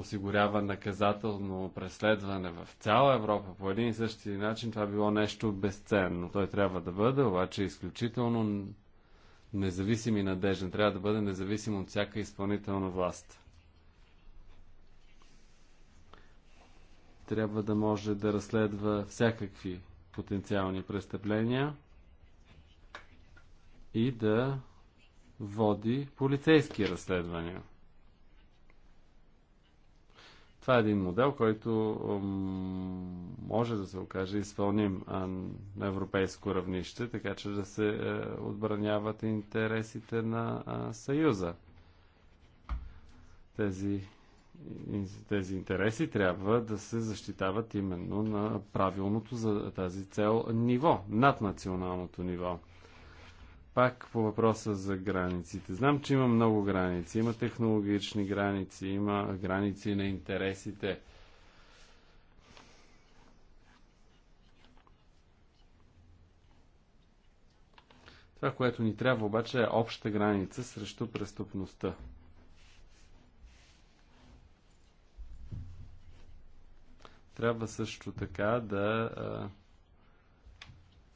осигурява наказателно преследване в цяла Европа по един и същи начин, това било нещо безценно. Той трябва да бъде обаче изключително независим и надежен. Трябва да бъде независим от всяка изпълнителна власт. Трябва да може да разследва всякакви потенциални престъпления и да води полицейски разследвания. Това е един модел, който може да се окаже изпълним на европейско равнище, така че да се е, отбраняват интересите на Съюза. Тези, тези интереси трябва да се защитават именно на правилното за тази цел ниво, над националното ниво пак по въпроса за границите. Знам, че има много граници. Има технологични граници, има граници на интересите. Това, което ни трябва обаче е обща граница срещу престъпността. Трябва също така да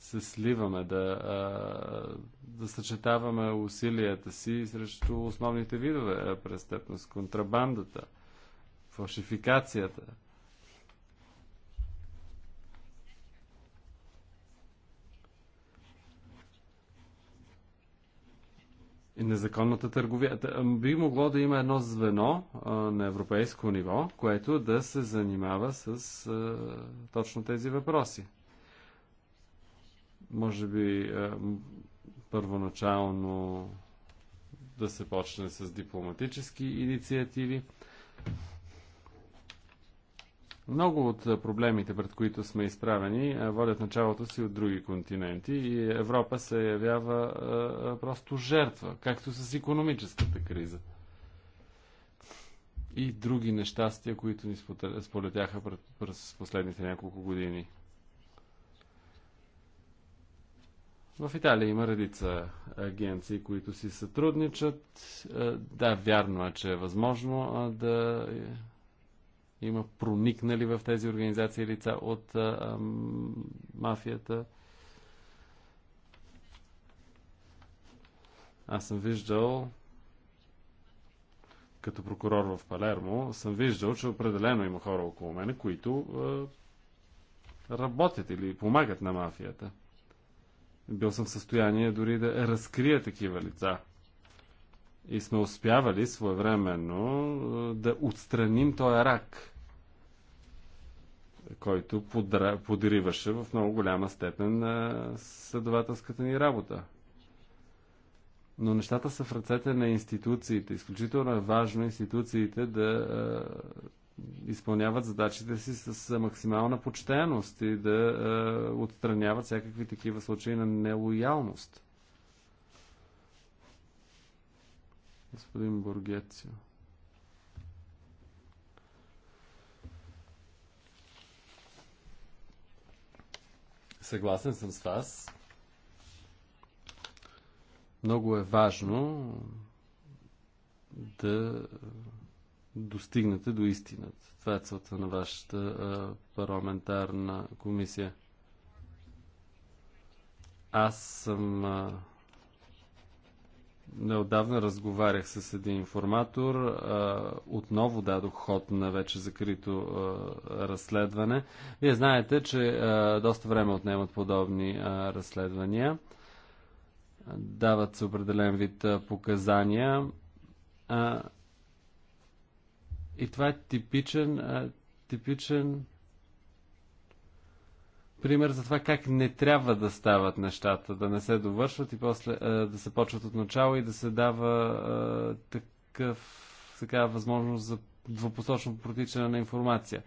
се сливаме, да, да съчетаваме усилията си срещу основните видове престъпност, контрабандата, фалшификацията. И незаконната търговия. Би могло да има едно звено а, на европейско ниво, което да се занимава с а, точно тези въпроси. Може би първоначално да се почне с дипломатически инициативи. Много от проблемите, пред които сме изправени, водят началото си от други континенти и Европа се явява просто жертва, както с економическата криза. И други нещастия, които ни сполетяха през последните няколко години. В Италия има редица агенции, които си сътрудничат. Е, да, вярно е, че е възможно да има проникнали в тези организации лица от мафията. Аз съм виждал, като прокурор в Палермо, съм виждал, че определено има хора около мене, които работят или помагат на мафията. Бил съм в състояние дори да разкрия такива лица. И сме успявали своевременно да отстраним този рак, който подра... подриваше в много голяма степен на следователската ни работа. Но нещата са в ръцете на институциите. Изключително е важно институциите да изпълняват задачите си с максимална почтеност и да е, отстраняват всякакви такива случаи на нелоялност. Господин Бургецио. Съгласен съм с вас. Много е важно да достигнете до истината. Това е целта на вашата парламентарна комисия. Аз съм неодавна разговарях с един информатор. А, отново дадох ход на вече закрито а, разследване. Вие знаете, че а, доста време отнемат подобни разследвания. Дават се определен вид показания. И това е типичен, типичен пример за това как не трябва да стават нещата, да не се довършват и после да се почват от начало и да се дава такъв, така, възможност за двупосочно протичане на информация.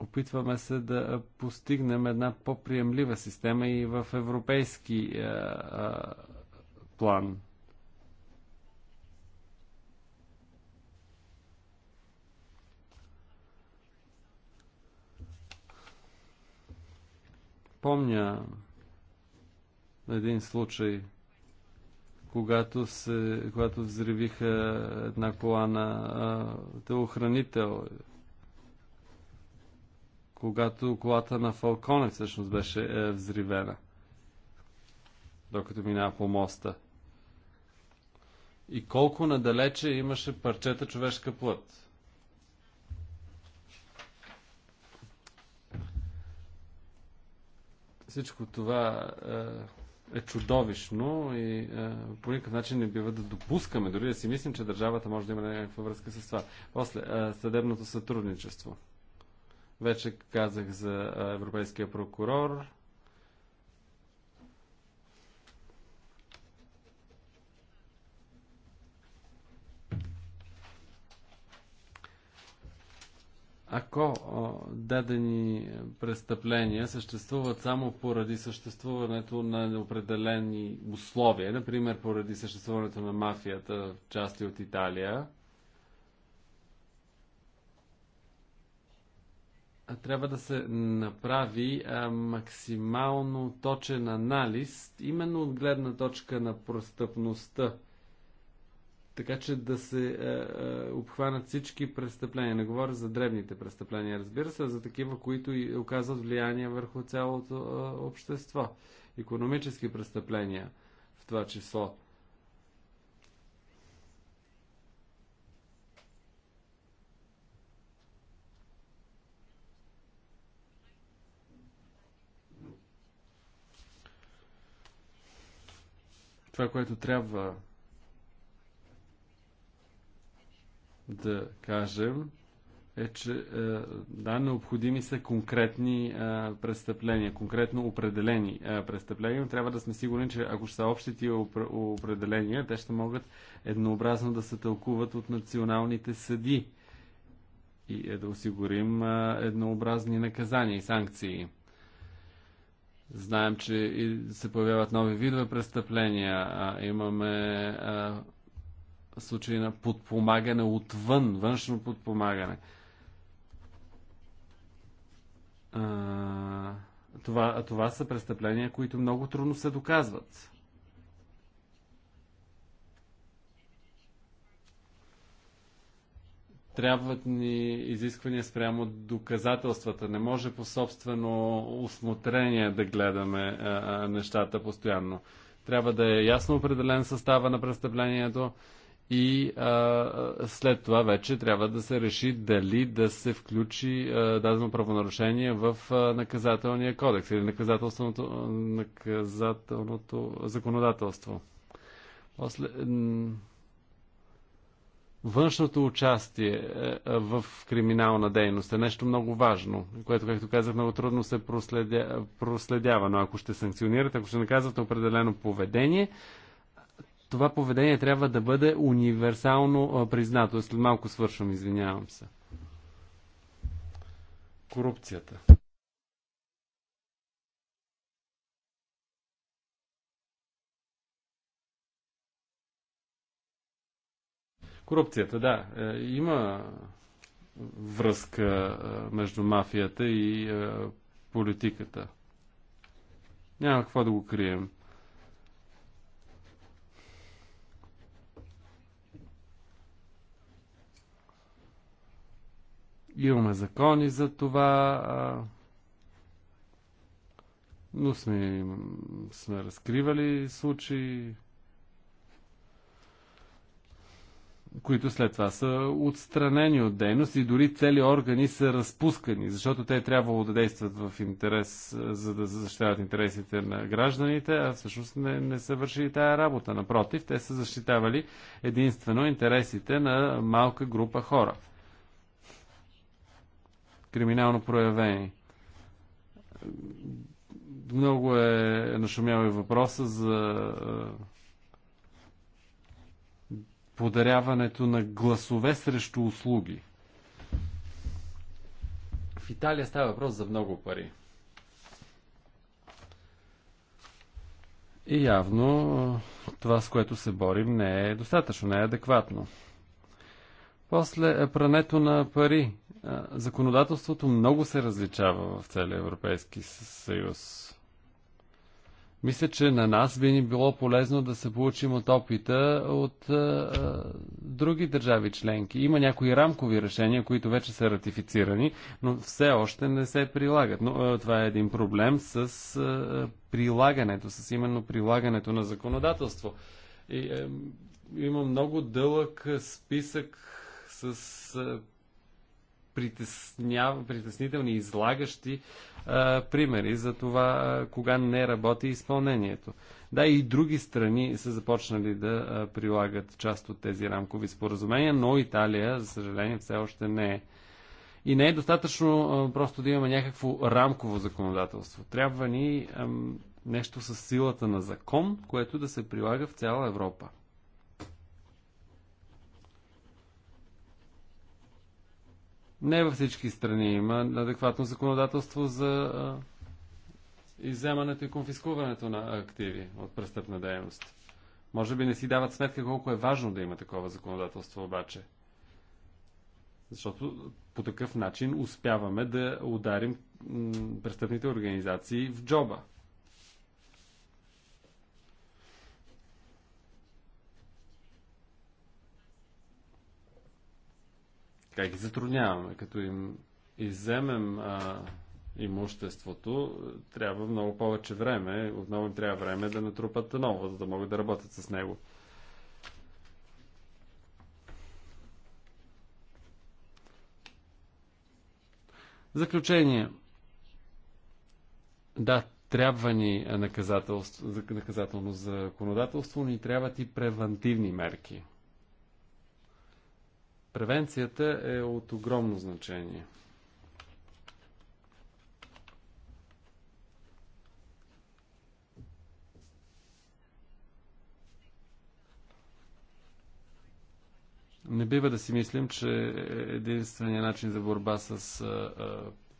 Опитваме се да постигнем една по-приемлива система и в европейски а, а, план. Помня един случай, когато, се, когато взривиха една кола на телохранител, когато колата на Фалконе всъщност беше е, взривена, докато минава по моста. И колко надалече имаше парчета човешка плът. Всичко това е, е чудовищно и е, по никакъв начин не бива да допускаме, дори да си мислим, че държавата може да има някаква връзка с това. После, е, съдебното сътрудничество. Вече казах за е, европейския прокурор. Ако дадени престъпления съществуват само поради съществуването на определени условия, например поради съществуването на мафията в части от Италия, трябва да се направи а, максимално точен анализ, именно от гледна точка на престъпността така че да се е, е, обхванат всички престъпления. Не говоря за дребните престъпления, разбира се, а за такива, които и оказват влияние върху цялото е, общество. Економически престъпления в това число. Това, което трябва да кажем е, че е, да, необходими са конкретни е, престъпления, конкретно определени е, престъпления, но трябва да сме сигурни, че ако ще са общи тия определения, те ще могат еднообразно да се тълкуват от националните съди и е да осигурим еднообразни наказания и санкции. Знаем, че се появяват нови видове престъпления. Имаме Случай на подпомагане отвън, външно подпомагане. А, това, това са престъпления, които много трудно се доказват. Трябват ни изисквания спрямо доказателствата. Не може по собствено усмотрение да гледаме а, нещата постоянно. Трябва да е ясно определен състава на престъплението, и а, след това вече трябва да се реши дали да се включи а, дадено правонарушение в а, наказателния кодекс или наказателственото, наказателното законодателство. После, външното участие е, е, в криминална дейност е нещо много важно, което, както казах, много трудно се проследя, проследява. Но ако ще санкционирате, ако ще наказвате определено поведение, това поведение трябва да бъде универсално признато. След малко свършвам, извинявам се. Корупцията. Корупцията, да. Е, има връзка е, между мафията и е, политиката. Няма какво да го крием. Имаме закони за това, а, но сме, сме разкривали случаи, които след това са отстранени от дейност и дори цели органи са разпускани, защото те е трябвало да действат в интерес, за да защитават интересите на гражданите, а всъщност не, не са вършили тая работа. Напротив, те са защитавали единствено интересите на малка група хора криминално проявени. Много е нашумял и въпроса за е, подаряването на гласове срещу услуги. В Италия става въпрос за много пари. И явно е, това, с което се борим, не е достатъчно, не е адекватно. После е, прането на пари. Е, законодателството много се различава в целия Европейски съюз. Мисля, че на нас би ни било полезно да се получим от опита от а, е, други държави членки. Има някои рамкови решения, които вече са ратифицирани, но все още не се прилагат. Но а, това е един проблем с а, прилагането, с именно прилагането на законодателство. И, а, има много дълъг списък с притеснява, притеснителни, излагащи а, примери за това а, кога не работи изпълнението. Да, и други страни са започнали да а, прилагат част от тези рамкови споразумения, но Италия, за съжаление, все още не е. И не е достатъчно а, просто да имаме някакво рамково законодателство. Трябва ни а, нещо с силата на закон, което да се прилага в цяла Европа. Не във всички страни има адекватно законодателство за изземането и конфискуването на активи от престъпна дейност. Може би не си дават сметка колко е важно да има такова законодателство обаче. Защото по такъв начин успяваме да ударим престъпните организации в джоба. така ги затрудняваме. Като им иземем а, имуществото, трябва много повече време, отново им трябва време да натрупат ново, за да могат да работят с него. Заключение. Да, трябва ни наказателно законодателство, ни трябват и превантивни мерки – Превенцията е от огромно значение. Не бива да си мислим, че единствения начин за борба с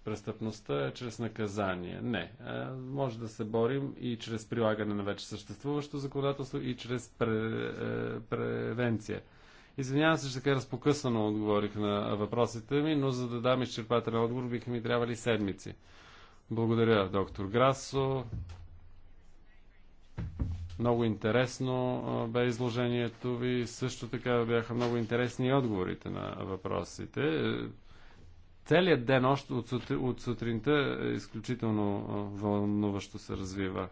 престъпността е чрез наказание. Не. Може да се борим и чрез прилагане на вече съществуващо законодателство, и чрез пре, превенция. Извинявам се, че така разпокъсано отговорих на въпросите ми, но за да дам изчерпателен отговор, биха ми трябвали седмици. Благодаря, доктор Грасо. Много интересно бе изложението ви. Също така бяха много интересни и отговорите на въпросите. Е, целият ден още от, сутринта е изключително вълнуващо се развива.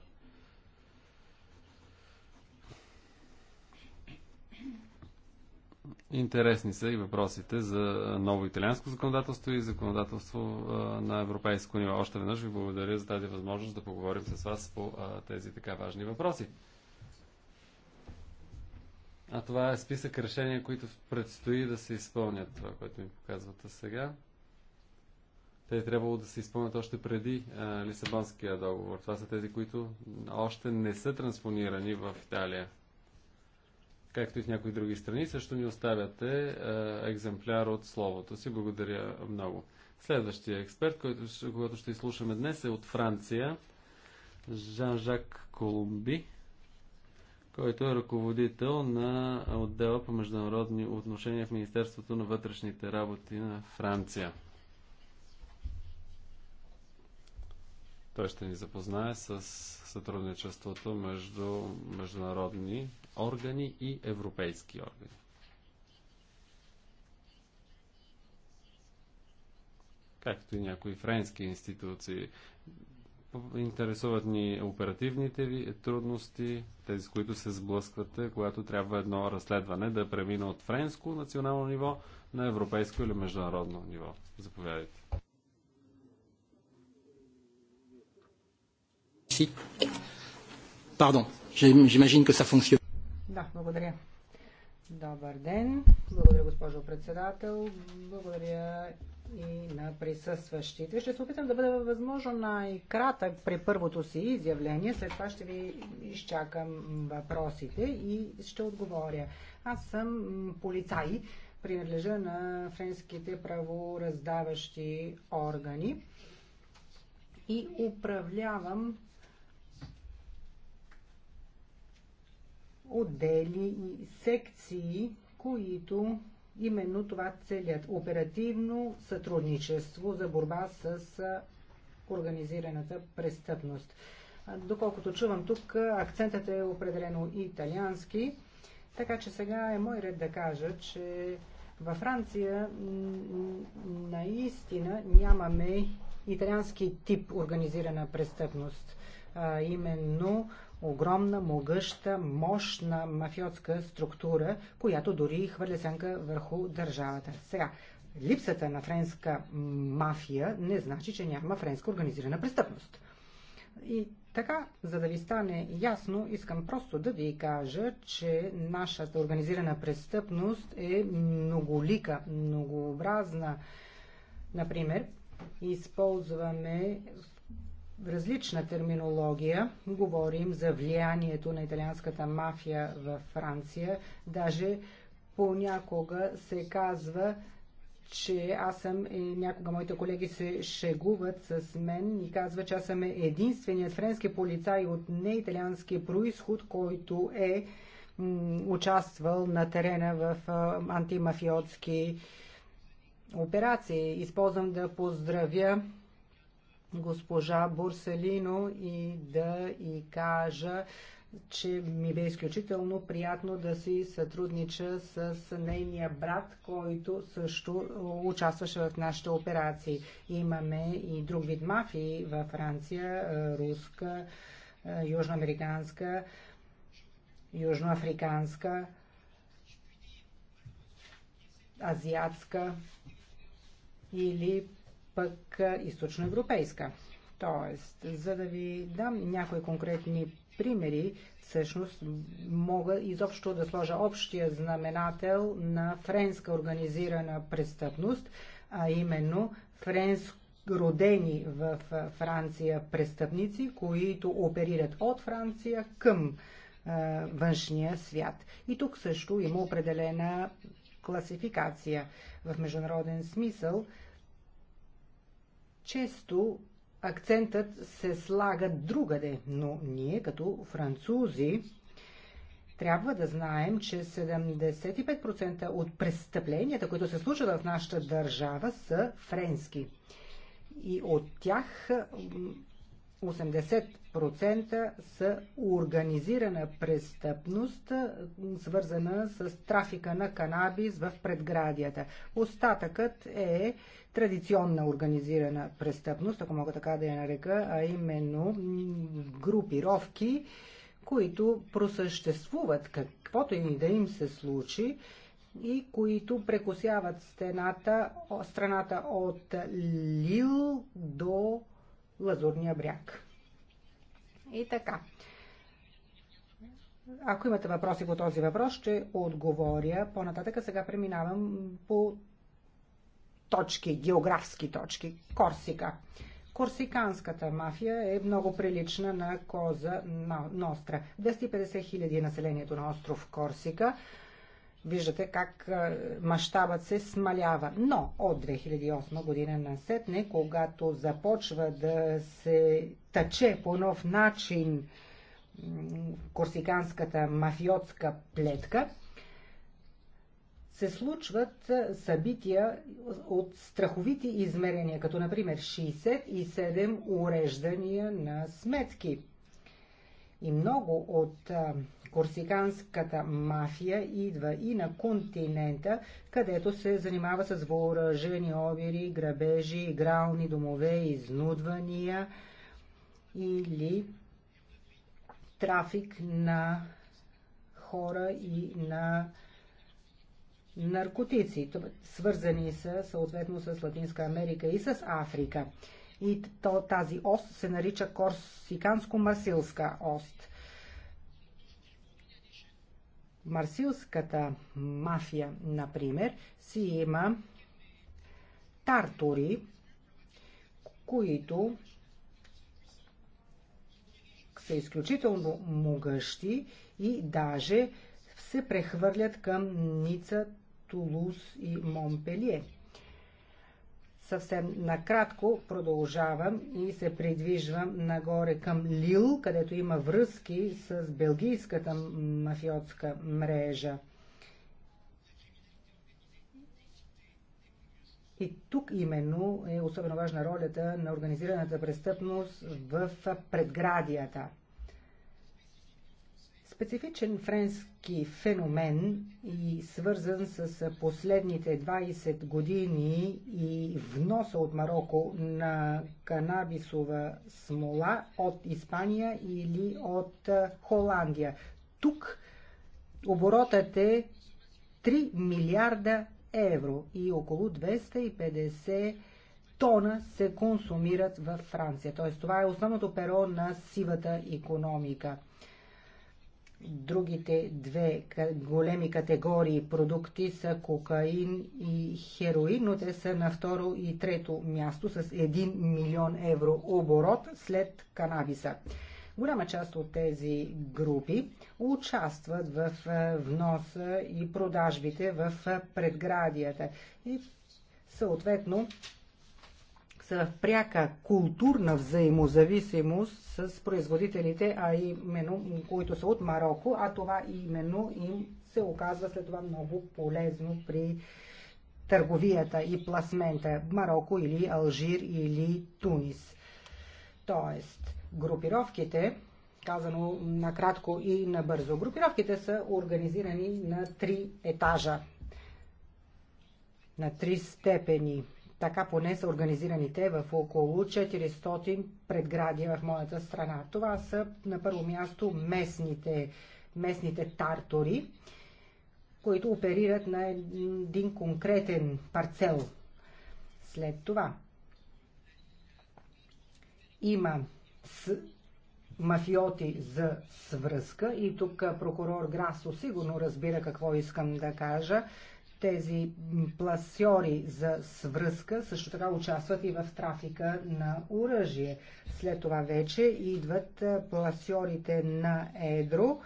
Интересни са и въпросите за ново италианско законодателство и законодателство на европейско ниво. Още веднъж ви благодаря за тази възможност да поговорим с вас по тези така важни въпроси. А това е списък решения, които предстои да се изпълнят, това, което ми показвате сега. Те е трябвало да се изпълнят още преди а, Лисабонския договор. Това са тези, които още не са транспонирани в Италия както и в някои други страни, също ни оставяте е, екземпляр от словото си. Благодаря много. Следващия експерт, който, който ще изслушаме днес е от Франция, Жан-Жак Колумби, който е ръководител на отдела по международни отношения в Министерството на вътрешните работи на Франция. Той ще ни запознае с сътрудничеството между международни органи и европейски органи. Както и някои френски институции. Интересуват ни оперативните ви трудности, тези, с които се сблъсквате, когато трябва едно разследване да премина от френско национално ниво на европейско или международно ниво. Заповядайте. Pardon, j'imagine que ça fonctionne. Да, благодаря. Добър ден. Благодаря, госпожо председател. Благодаря и на присъстващите. Ще се опитам да бъда възможно най-кратък при първото си изявление. След това ще ви изчакам въпросите и ще отговоря. Аз съм полицай, принадлежа на френските правораздаващи органи и управлявам отдели и секции, които именно това целят. Оперативно сътрудничество за борба с организираната престъпност. Доколкото чувам тук, акцентът е определено и италиански, така че сега е мой ред да кажа, че във Франция наистина нямаме италиански тип организирана престъпност, а именно огромна, могъща, мощна мафиотска структура, която дори хвърля сенка върху държавата. Сега, липсата на френска мафия не значи, че няма френска организирана престъпност. И така, за да ви стане ясно, искам просто да ви кажа, че нашата организирана престъпност е многолика, многообразна. Например, използваме различна терминология. Говорим за влиянието на италианската мафия във Франция. Даже понякога се казва, че аз съм, и е, някога моите колеги се шегуват с мен и казват, че аз съм единственият френски полицай от неиталиански происход, който е участвал на терена в антимафиотски операции. Използвам да поздравя госпожа Борселино, и да и кажа, че ми бе изключително приятно да си сътруднича с нейния брат, който също участваше в нашите операции. Имаме и друг вид мафии във Франция, руска, южноамериканска, южноафриканска, азиатска или пък източноевропейска. Тоест, за да ви дам някои конкретни примери, всъщност мога изобщо да сложа общия знаменател на френска организирана престъпност, а именно френско родени в Франция престъпници, които оперират от Франция към е, външния свят. И тук също има определена класификация. В международен смисъл често акцентът се слага другаде, но ние като французи трябва да знаем, че 75% от престъпленията, които се случват в нашата държава, са френски. И от тях 80% са организирана престъпност, свързана с трафика на канабис в предградията. Остатъкът е традиционна организирана престъпност, ако мога така да я нарека, а именно групировки, които просъществуват каквото и да им се случи и които прекусяват стената, страната от Лил до Лазурния бряг. И така. Ако имате въпроси по този въпрос, ще отговоря по-нататък. Сега преминавам по точки, географски точки. Корсика. Корсиканската мафия е много прилична на Коза Ностра. 250 хиляди е населението на остров Корсика. Виждате как мащабът се смалява. Но от 2008 година на сетне, когато започва да се тъче по нов начин корсиканската мафиотска плетка, се случват събития от страховити измерения, като например 67 уреждания на сметки. И много от корсиканската мафия идва и на континента, където се занимава с въоръжени обири, грабежи, игрални домове, изнудвания или трафик на хора и на наркотици, свързани са съответно с Латинска Америка и с Африка. И то, тази ост се нарича Корсиканско-Масилска ост марсилската мафия, например, си има тартори, които са изключително могъщи и даже се прехвърлят към Ница, Тулус и Монпелие съвсем накратко продължавам и се придвижвам нагоре към Лил, където има връзки с белгийската мафиотска мрежа. И тук именно е особено важна ролята на организираната престъпност в предградията – специфичен френски феномен и свързан с последните 20 години и вноса от Марокко на канабисова смола от Испания или от Холандия. Тук оборотът е 3 милиарда евро и около 250 тона се консумират във Франция. Тоест, това е основното перо на сивата економика. Другите две големи категории продукти са кокаин и хероин, но те са на второ и трето място с 1 милион евро оборот след канабиса. Голяма част от тези групи участват в е, вноса и продажбите в предградията и съответно са в пряка културна взаимозависимост с производителите, а именно, които са от Марокко, а това именно им се оказва след това много полезно при търговията и пласмента Марокко или Алжир или Тунис. Тоест, групировките, казано накратко и набързо, групировките са организирани на три етажа, на три степени – така поне са организираните в около 400 предградия в моята страна. Това са на първо място местните, местните тартори, които оперират на един конкретен парцел. След това има с мафиоти за свръзка и тук прокурор Грасо сигурно разбира какво искам да кажа. Тези пласьори за свръзка също така участват и в трафика на оръжие. След това вече идват пласьорите на едро,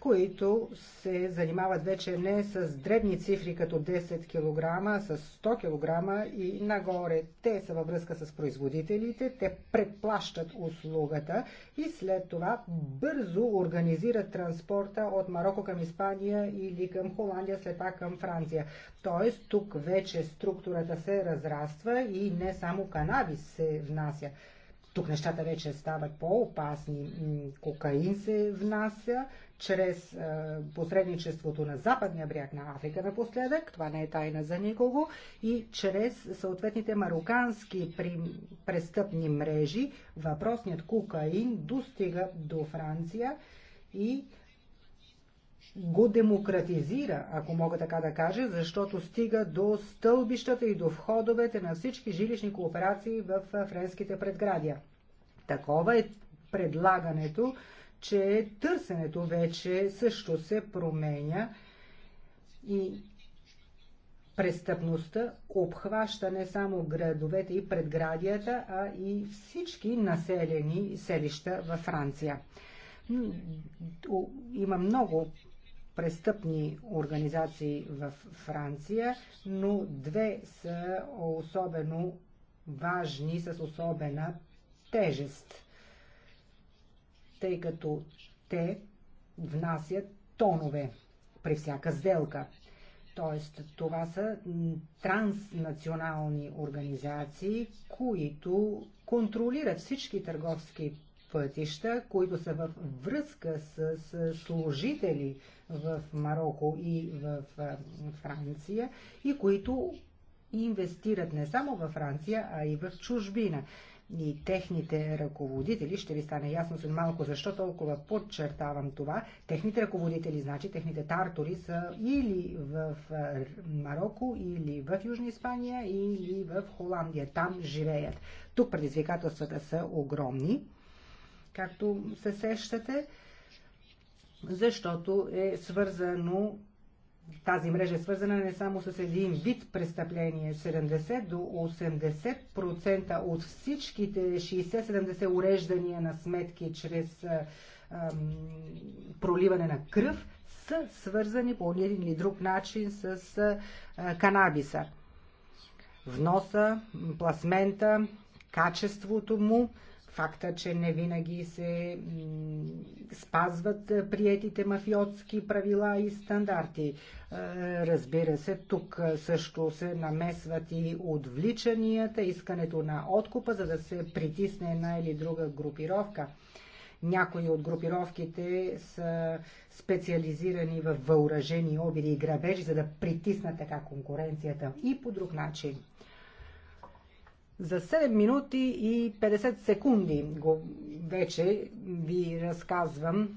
които се занимават вече не с дребни цифри като 10 кг, а с 100 кг и нагоре. Те са във връзка с производителите, те предплащат услугата и след това бързо организират транспорта от Марокко към Испания или към Холандия, след това към Франция. Тоест тук вече структурата се разраства и не само канабис се внася. Тук нещата вече стават по-опасни. Кокаин се внася, чрез е, посредничеството на западния бряг на Африка напоследък, това не е тайна за никого, и чрез съответните марокански престъпни мрежи, въпросният кокаин достига до Франция и го демократизира, ако мога така да кажа, защото стига до стълбищата и до входовете на всички жилищни кооперации в френските предградия. Такова е предлагането че търсенето вече също се променя и престъпността обхваща не само градовете и предградията, а и всички населени селища във Франция. Има много престъпни организации в Франция, но две са особено важни с особена тежест тъй като те внасят тонове при всяка сделка. Тоест, това са транснационални организации, които контролират всички търговски пътища, които са в връзка с служители в Марокко и в Франция и които инвестират не само във Франция, а и в чужбина и техните ръководители, ще ви стане ясно след малко защо толкова подчертавам това, техните ръководители, значи техните тартори са или в Марокко, или в Южна Испания, или в Холандия. Там живеят. Тук предизвикателствата са огромни, както се сещате, защото е свързано тази мрежа е свързана не само с един вид престъпление. 70 до 80% от всичките 60-70 уреждания на сметки чрез ам, проливане на кръв са свързани по един или друг начин с а, канабиса. Вноса, пласмента, качеството му, факта, че не винаги се спазват приетите мафиотски правила и стандарти. Разбира се, тук също се намесват и отвличанията, искането на откупа, за да се притисне една или друга групировка. Някои от групировките са специализирани в въоръжени обиди и грабежи, за да притиснат така конкуренцията и по друг начин. За 7 минути и 50 секунди го вече ви разказвам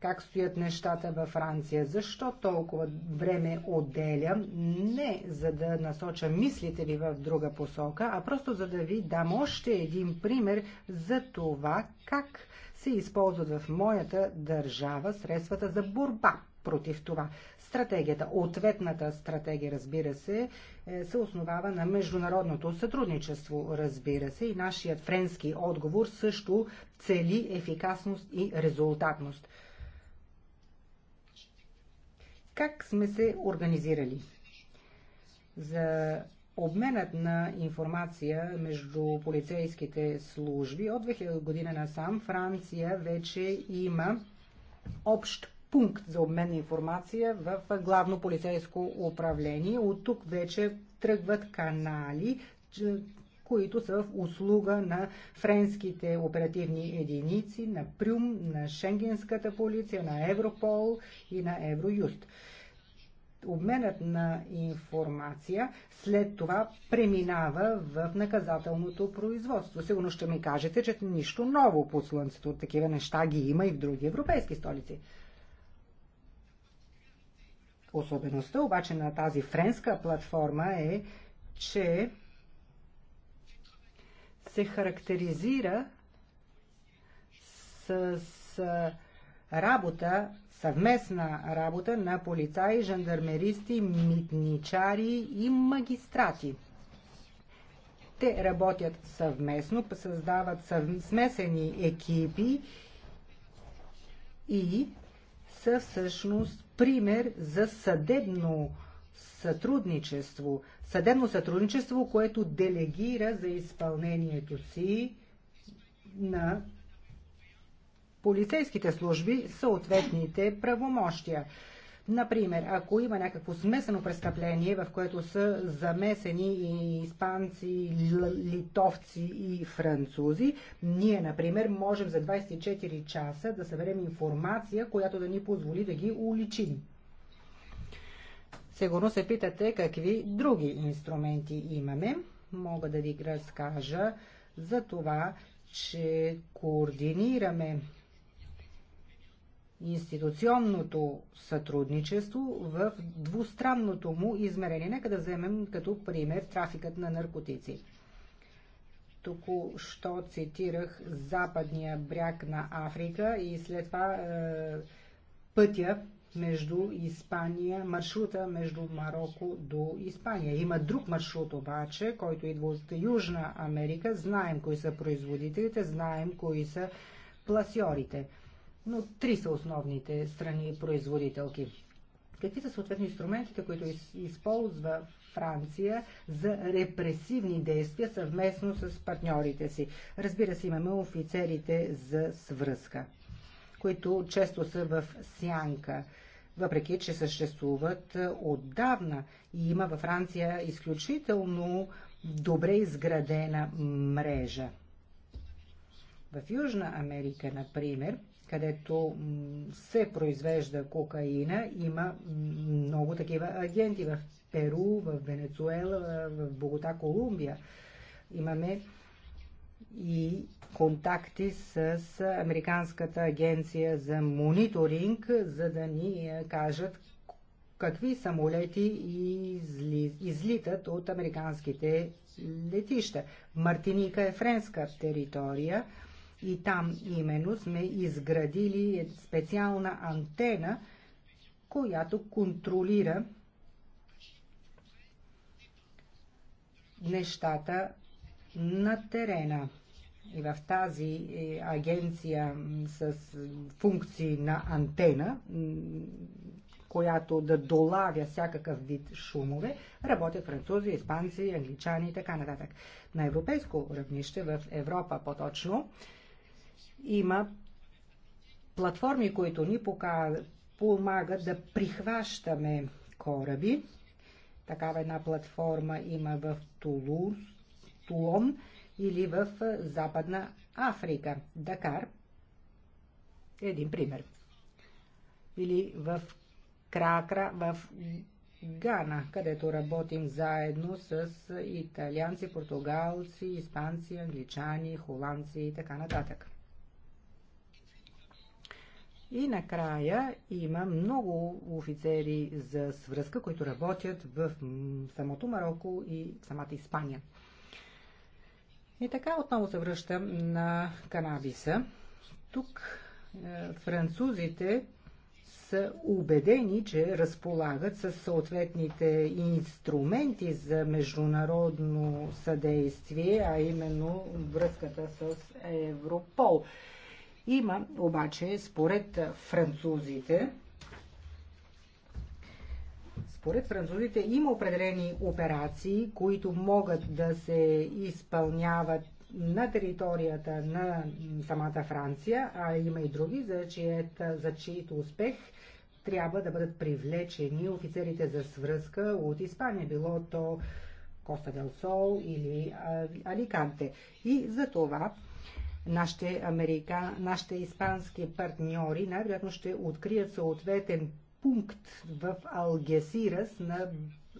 как стоят нещата във Франция. Защо толкова време отделям? Не за да насоча мислите ви в друга посока, а просто за да ви дам още един пример за това как се използват в моята държава средствата за борба против това. Стратегията, ответната стратегия, разбира се, е, се основава на международното сътрудничество, разбира се, и нашият френски отговор също цели ефикасност и резултатност. Как сме се организирали? За Обменът на информация между полицейските служби от 2000 година насам Франция вече има общ пункт за обмен на информация в главно полицейско управление. От тук вече тръгват канали, които са в услуга на френските оперативни единици, на Прюм, на Шенгенската полиция, на Европол и на Евроюст. Обменът на информация след това преминава в наказателното производство. Сигурно ще ми кажете, че нищо ново по слънцето. Такива неща ги има и в други европейски столици. Особеността обаче на тази френска платформа е, че се характеризира с, с работа, съвместна работа на полицаи, жандармеристи, митничари и магистрати. Те работят съвместно, създават смесени екипи и са всъщност пример за съдебно сътрудничество. Съдебно сътрудничество, което делегира за изпълнението си на полицейските служби съответните правомощия. Например, ако има някакво смесено престъпление, в което са замесени и испанци, литовци и французи, ние, например, можем за 24 часа да съберем информация, която да ни позволи да ги уличим. Сигурно се питате какви други инструменти имаме. Мога да ви разкажа за това, че координираме институционното сътрудничество в двустранното му измерение. Нека да вземем като пример трафикът на наркотици. Току-що цитирах западния бряг на Африка и след това е, пътя между Испания, маршрута между Марокко до Испания. Има друг маршрут обаче, който идва от Южна Америка. Знаем кои са производителите, знаем кои са пласьорите но три са основните страни производителки. Какви са съответно инструментите, които използва Франция за репресивни действия съвместно с партньорите си? Разбира се, имаме офицерите за свръзка, които често са в сянка въпреки че съществуват е, отдавна и има във Франция изключително добре изградена мрежа. В Южна Америка, например, където се произвежда кокаина, има много такива агенти в Перу, в Венецуела, в Богота, Колумбия. Имаме и контакти с Американската агенция за мониторинг, за да ни кажат какви самолети излитат от американските летища. Мартиника е френска територия, и там именно сме изградили специална антена, която контролира нещата на терена. И в тази е, агенция с функции на антена, която да долавя всякакъв вид шумове, работят французи, испанци, англичани и така нататък. На европейско равнище, в Европа по-точно, има платформи, които ни помагат да прихващаме кораби. Такава една платформа има в Тулу, Тулон или в Западна Африка. Дакар е един пример. Или в Кракра, в Гана, където работим заедно с италианци, португалци, испанци, англичани, холандци и така нататък. И накрая има много офицери за свръзка, които работят в самото Марокко и самата Испания. И така отново се връщам на канабиса. Тук е, французите са убедени, че разполагат с съответните инструменти за международно съдействие, а именно връзката с Европол. Има обаче, според французите, според французите има определени операции, които могат да се изпълняват на територията на самата Франция, а има и други, за, чието, за чието успех трябва да бъдат привлечени офицерите за свръзка от Испания, било то Коста дел Сол или Аликанте. И за това нашите, америка... нашите испански партньори най-вероятно ще открият съответен пункт в Алгесирас на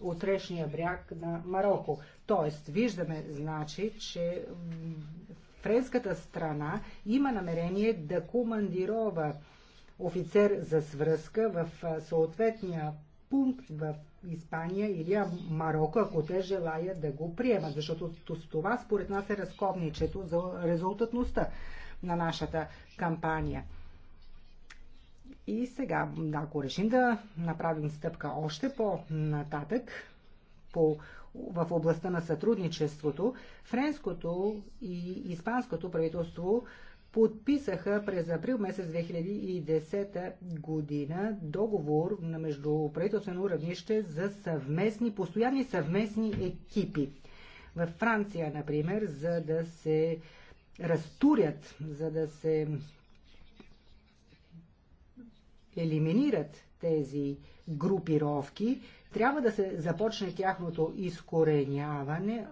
отрешния бряг на Марокко. Тоест, виждаме, значи, че френската страна има намерение да командирова офицер за свръзка в съответния пункт в Испания или Марокко, ако те желаят да го приемат, защото с това според нас е разковничето за резултатността на нашата кампания. И сега, ако решим да направим стъпка още по-нататък, по, в областта на сътрудничеството, френското и испанското правителство подписаха през април месец 2010 година договор на междуправителствено равнище за съвместни, постоянни съвместни екипи. Във Франция, например, за да се разтурят, за да се елиминират тези групировки, трябва да се започне тяхното изкореняване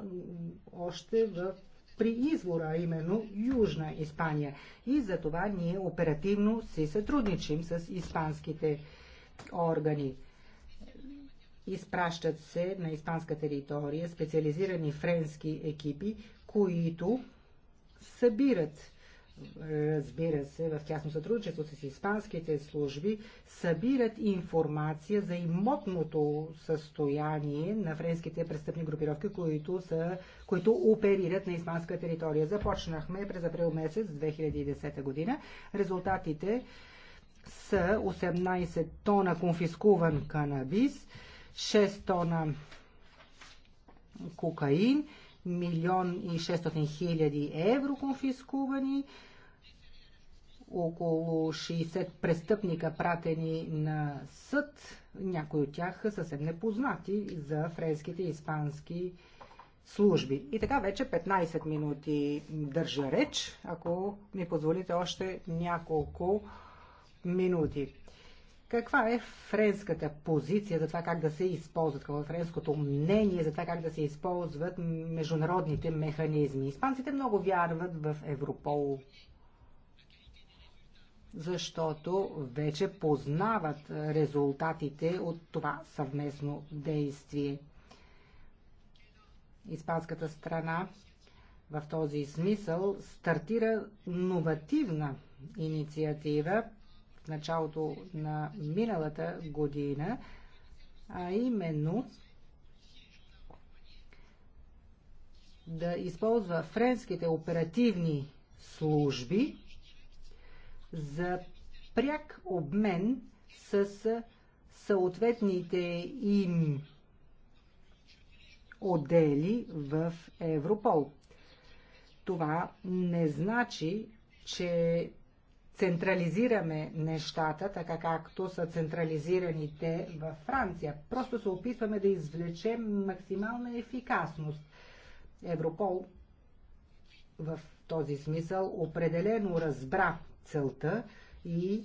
още в при извора, а именно Южна Испания. И за това ние оперативно си сътрудничим с испанските органи. Изпращат се на испанска територия специализирани френски екипи, които събират разбира се, в тясно сътрудничество с испанските служби, събират информация за имотното състояние на френските престъпни групировки, които, са, които оперират на испанска територия. Започнахме през април месец 2010 година. Резултатите са 18 тона конфискуван канабис, 6 тона кокаин, милион и 600 хиляди евро конфискувани, около 60 престъпника пратени на съд, някои от тях съвсем непознати за френските и испански служби. И така вече 15 минути държа реч, ако ми позволите още няколко минути. Каква е френската позиция за това как да се използват, какво е френското мнение за това как да се използват международните механизми? Испанците много вярват в Европол, защото вече познават резултатите от това съвместно действие. Испанската страна в този смисъл стартира новативна инициатива началото на миналата година, а именно да използва френските оперативни служби за пряк обмен с съответните им отдели в Европол. Това не значи, че централизираме нещата, така както са централизираните във Франция. Просто се опитваме да извлечем максимална ефикасност. Европол в този смисъл определено разбра целта и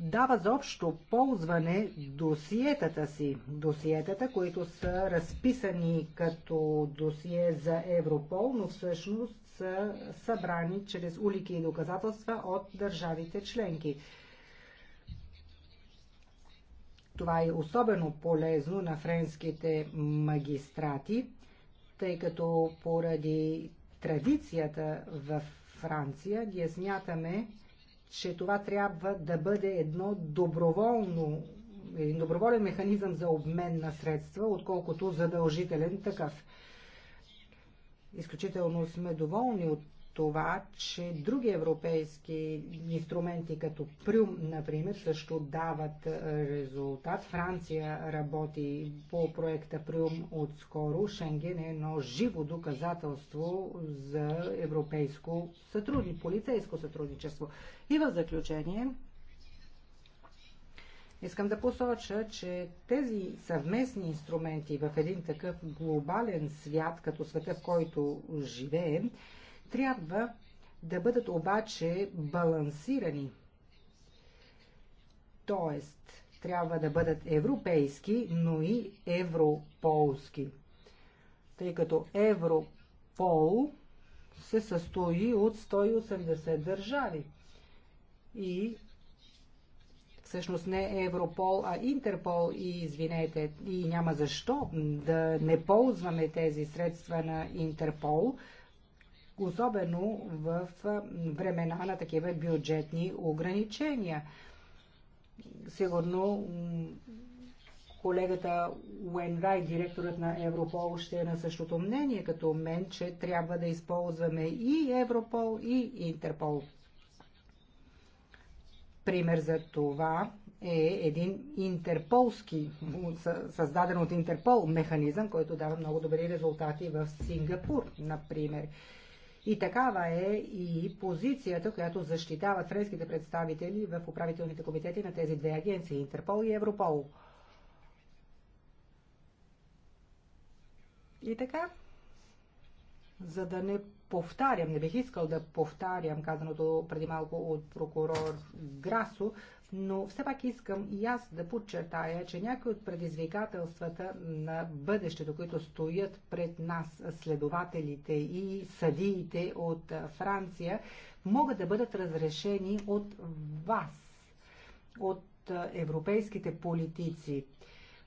дава за общо ползване досиетата си. Досиетата, които са разписани като досие за Европол, но всъщност са събрани чрез улики и доказателства от държавите членки. Това е особено полезно на френските магистрати, тъй като поради традицията в Франция ние смятаме, че това трябва да бъде едно доброволно, един доброволен механизъм за обмен на средства, отколкото задължителен такъв. Изключително сме доволни от това, че други европейски инструменти, като Прюм, например, също дават е, резултат. Франция работи по проекта Прюм отскоро. Шенген е едно живо доказателство за европейско сътрудни, полицейско сътрудничество. И в заключение, Искам да посоча, че тези съвместни инструменти в един такъв глобален свят, като света, в който живеем, трябва да бъдат обаче балансирани. Тоест, трябва да бъдат европейски, но и европолски. Тъй като Европол се състои от 180 държави. И всъщност не Европол, а Интерпол и извинете, и няма защо да не ползваме тези средства на Интерпол – особено в времена на такива бюджетни ограничения. Сигурно колегата Уенрай, директорът на Европол, ще е на същото мнение като мен, че трябва да използваме и Европол, и Интерпол. Пример за това е един интерполски, създаден от Интерпол механизъм, който дава много добри резултати в Сингапур, например. И такава е и позицията, която защитават френските представители в управителните комитети на тези две агенции Интерпол и Европол. И така, за да не повтарям, не бих искал да повтарям казаното преди малко от прокурор Грасо, но все пак искам и аз да подчертая, че някои от предизвикателствата на бъдещето, които стоят пред нас следователите и съдиите от Франция, могат да бъдат разрешени от вас, от европейските политици.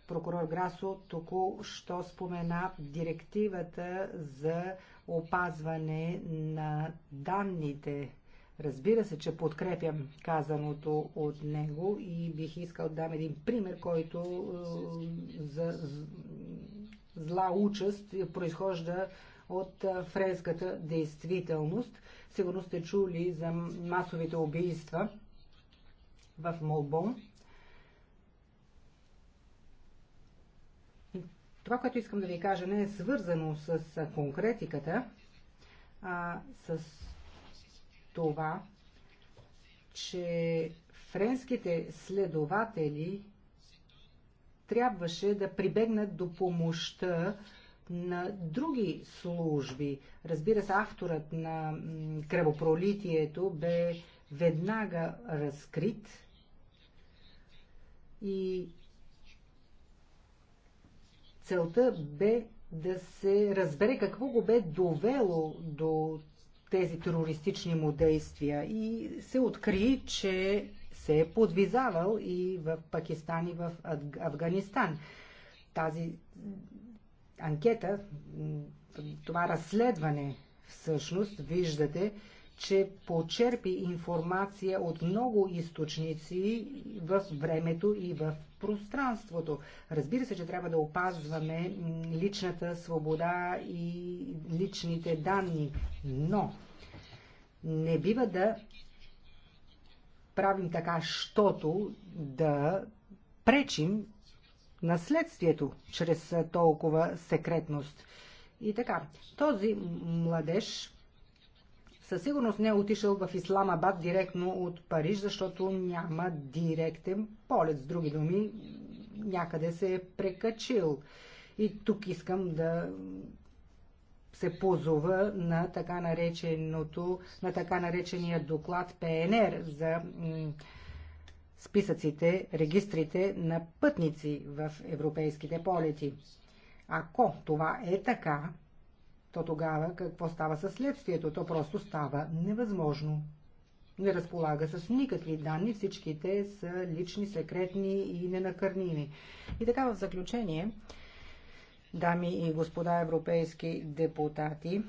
Прокурор Грасо току-що спомена директивата за опазване на данните Разбира се, че подкрепям казаното от него и бих искал да дам един пример, който е, за зла участ произхожда от е, френската действителност. Сигурно сте чули за масовите убийства в Молбон. Това, което искам да ви кажа, не е свързано с конкретиката, а с това, че френските следователи трябваше да прибегнат до помощта на други служби. Разбира се, авторът на кръвопролитието бе веднага разкрит и целта бе да се разбере какво го бе довело до тези терористични му действия и се откри, че се е подвизавал и в Пакистан и в Афганистан. Тази анкета, това разследване всъщност, виждате, че почерпи информация от много източници в времето и в пространството. Разбира се, че трябва да опазваме личната свобода и личните данни, но не бива да правим така, щото да пречим наследствието чрез толкова секретност. И така, този младеж със сигурност не е отишъл в Исламабад директно от Париж, защото няма директен полет. С други думи, някъде се е прекачил. И тук искам да се позова на така, нареченото, на така наречения доклад ПНР за списъците, регистрите на пътници в европейските полети. Ако това е така, то тогава какво става със следствието? То просто става невъзможно. Не разполага с никакви данни, всичките са лични, секретни и ненакърними. И така в заключение, дами и господа европейски депутати,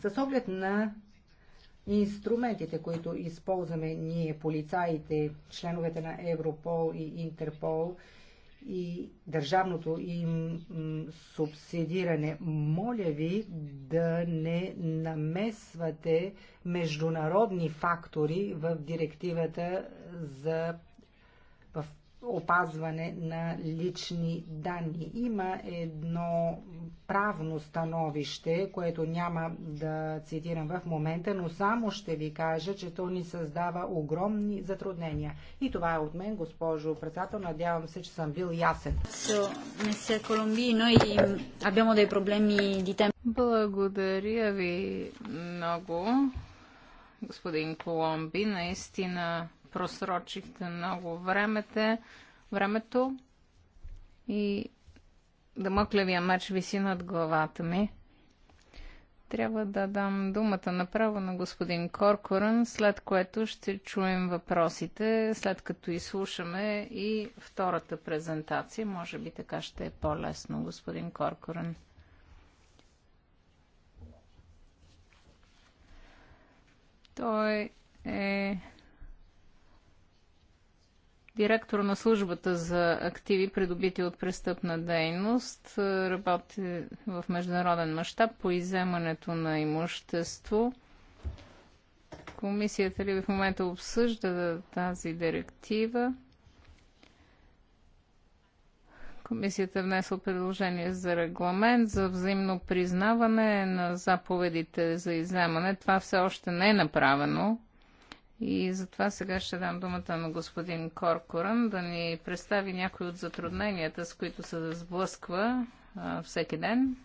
с оглед на инструментите, които използваме ние, полицаите, членовете на Европол и Интерпол, и държавното им субсидиране. Моля ви да не намесвате международни фактори в директивата за в опазване на лични данни. Има едно правно становище, което няма да цитирам в момента, но само ще ви кажа, че то ни създава огромни затруднения. И това е от мен, госпожо председател. Надявам се, че съм бил ясен. Благодаря ви много, господин Коломби. Наистина просрочихте много времете, времето и дамъклевия меч виси над главата ми. Трябва да дам думата направо на господин Коркорън, след което ще чуем въпросите, след като изслушаме и втората презентация. Може би така ще е по-лесно, господин Коркорън. Той е директор на службата за активи, придобити от престъпна дейност. Работи в международен мащаб по иземането на имущество. Комисията ли в момента обсъжда тази директива? Комисията е внесла предложение за регламент за взаимно признаване на заповедите за иземане. Това все още не е направено. И затова сега ще дам думата на господин Коркоран да ни представи някои от затрудненията, с които се сблъсква всеки ден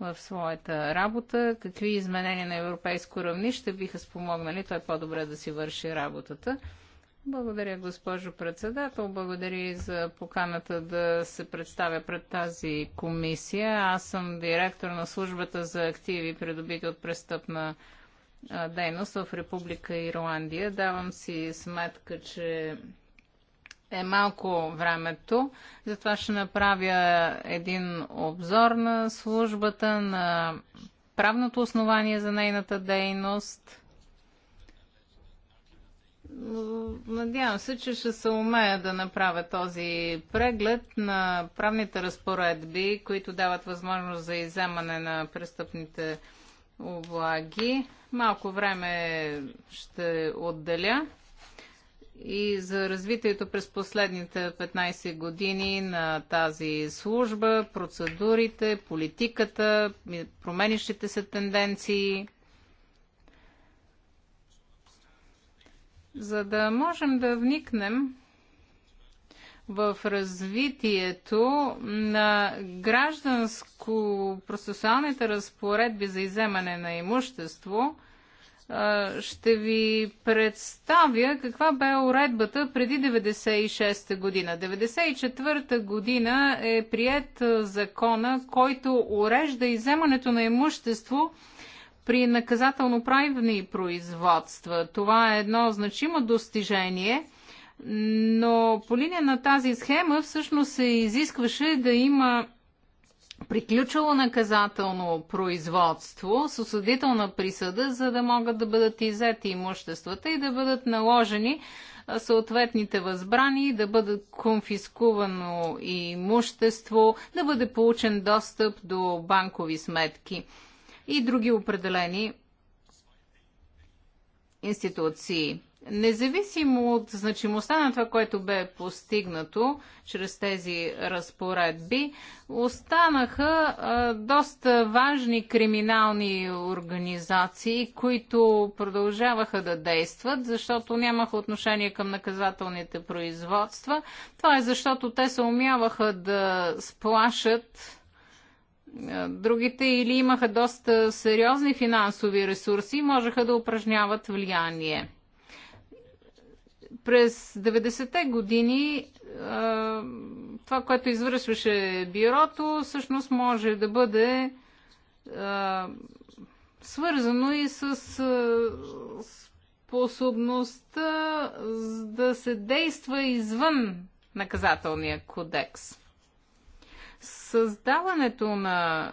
в своята работа, какви изменения на европейско равнище биха спомогнали той по-добре да си върши работата. Благодаря, госпожо председател. Благодаря и за поканата да се представя пред тази комисия. Аз съм директор на службата за активи, придобити от престъпна дейност в Република Ирландия. Давам си сметка, че е малко времето, затова ще направя един обзор на службата, на правното основание за нейната дейност. Надявам се, че ще се умея да направя този преглед на правните разпоредби, които дават възможност за иземане на престъпните облаги. Малко време ще отделя и за развитието през последните 15 години на тази служба, процедурите, политиката, променящите се тенденции. За да можем да вникнем в развитието на гражданско-процесуалните разпоредби за иземане на имущество, ще ви представя каква бе уредбата преди 96-та година. 94-та година е прият закона, който урежда иземането на имущество при наказателно-правни производства. Това е едно значимо достижение – но по линия на тази схема всъщност се изискваше да има приключило наказателно производство с осъдителна присъда, за да могат да бъдат иззети имуществата и да бъдат наложени съответните възбрани, да бъде конфискувано имущество, да бъде получен достъп до банкови сметки и други определени институции. Независимо от значимостта на това, което бе постигнато чрез тези разпоредби, останаха доста важни криминални организации, които продължаваха да действат, защото нямаха отношение към наказателните производства. Това е защото те се умяваха да сплашат другите или имаха доста сериозни финансови ресурси и можеха да упражняват влияние. През 90-те години това, което извършваше бюрото, всъщност може да бъде свързано и с способността да се действа извън наказателния кодекс. Създаването на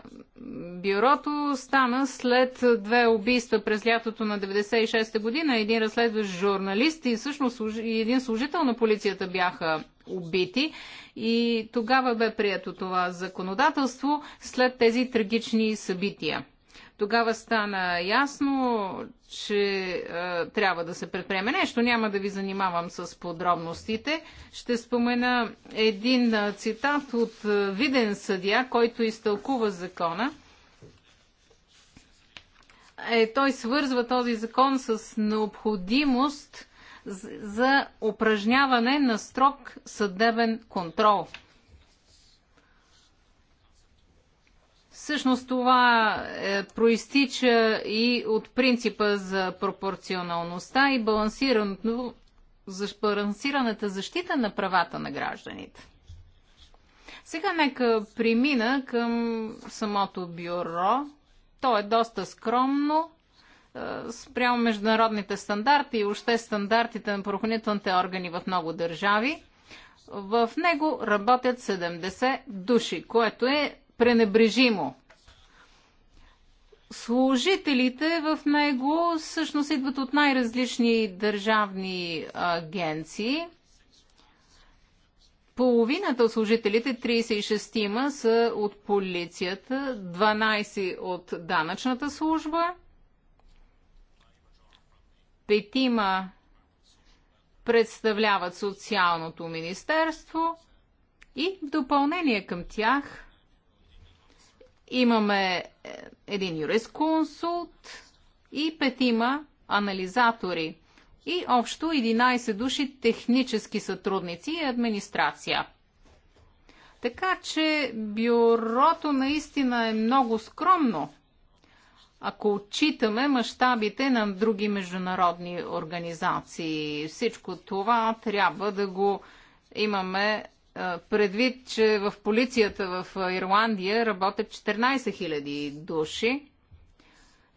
бюрото стана след две убийства през лятото на 96-та година. Един разследващ журналист и всъщност един служител на полицията бяха убити. И тогава бе прието това законодателство след тези трагични събития. Тогава стана ясно, че е, трябва да се предприеме нещо. Няма да ви занимавам с подробностите. Ще спомена един цитат от виден съдия, който изтълкува закона е, той свързва този закон с необходимост за упражняване на строг съдебен контрол. Всъщност това е, проистича и от принципа за пропорционалността и балансирането, за балансираната защита на правата на гражданите. Сега нека премина към самото бюро. То е доста скромно, е, спрямо международните стандарти и още стандартите на правоохранителните органи в много държави. В него работят 70 души, което е пренебрежимо. Служителите в него всъщност идват от най-различни държавни агенции. Половината от служителите, 36-ма, са от полицията, 12 от данъчната служба, петима представляват социалното министерство и в допълнение към тях Имаме е, един юрисконсулт и петима анализатори и общо 11 души технически сътрудници и администрация. Така че бюрото наистина е много скромно, ако отчитаме мащабите на други международни организации. Всичко това трябва да го имаме предвид, че в полицията в Ирландия работят 14 000 души.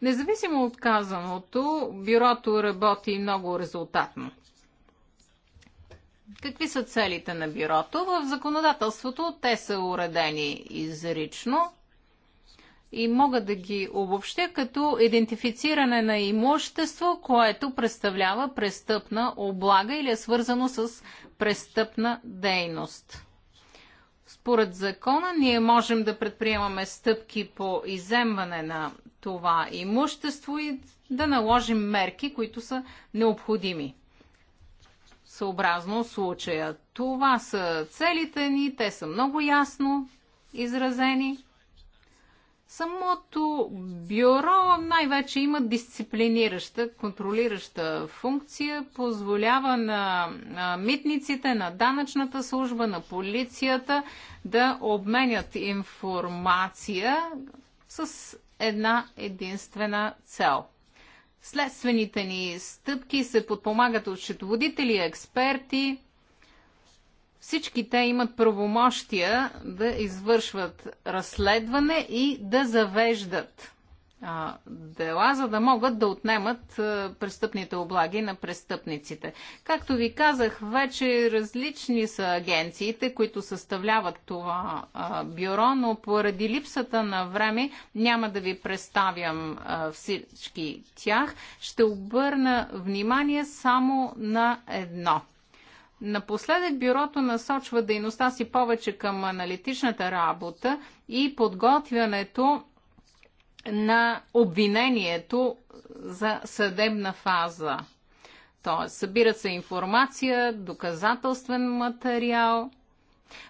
Независимо от казаното, бюрото работи много резултатно. Какви са целите на бюрото? В законодателството те са уредени изрично и мога да ги обобщя като идентифициране на имущество, което представлява престъпна облага или е свързано с престъпна дейност. Според закона ние можем да предприемаме стъпки по иземване на това имущество и да наложим мерки, които са необходими. Съобразно случая. Това са целите ни, те са много ясно изразени. Самото бюро най-вече има дисциплинираща, контролираща функция, позволява на, митниците, на данъчната служба, на полицията да обменят информация с една единствена цел. Следствените ни стъпки се подпомагат от счетоводители, експерти, всички те имат правомощия да извършват разследване и да завеждат а, дела, за да могат да отнемат а, престъпните облаги на престъпниците. Както ви казах, вече различни са агенциите, които съставляват това а, бюро, но поради липсата на време няма да ви представям а, всички тях. Ще обърна внимание само на едно – Напоследък бюрото насочва дейността си повече към аналитичната работа и подготвянето на обвинението за съдебна фаза. Тоест, събира се информация, доказателствен материал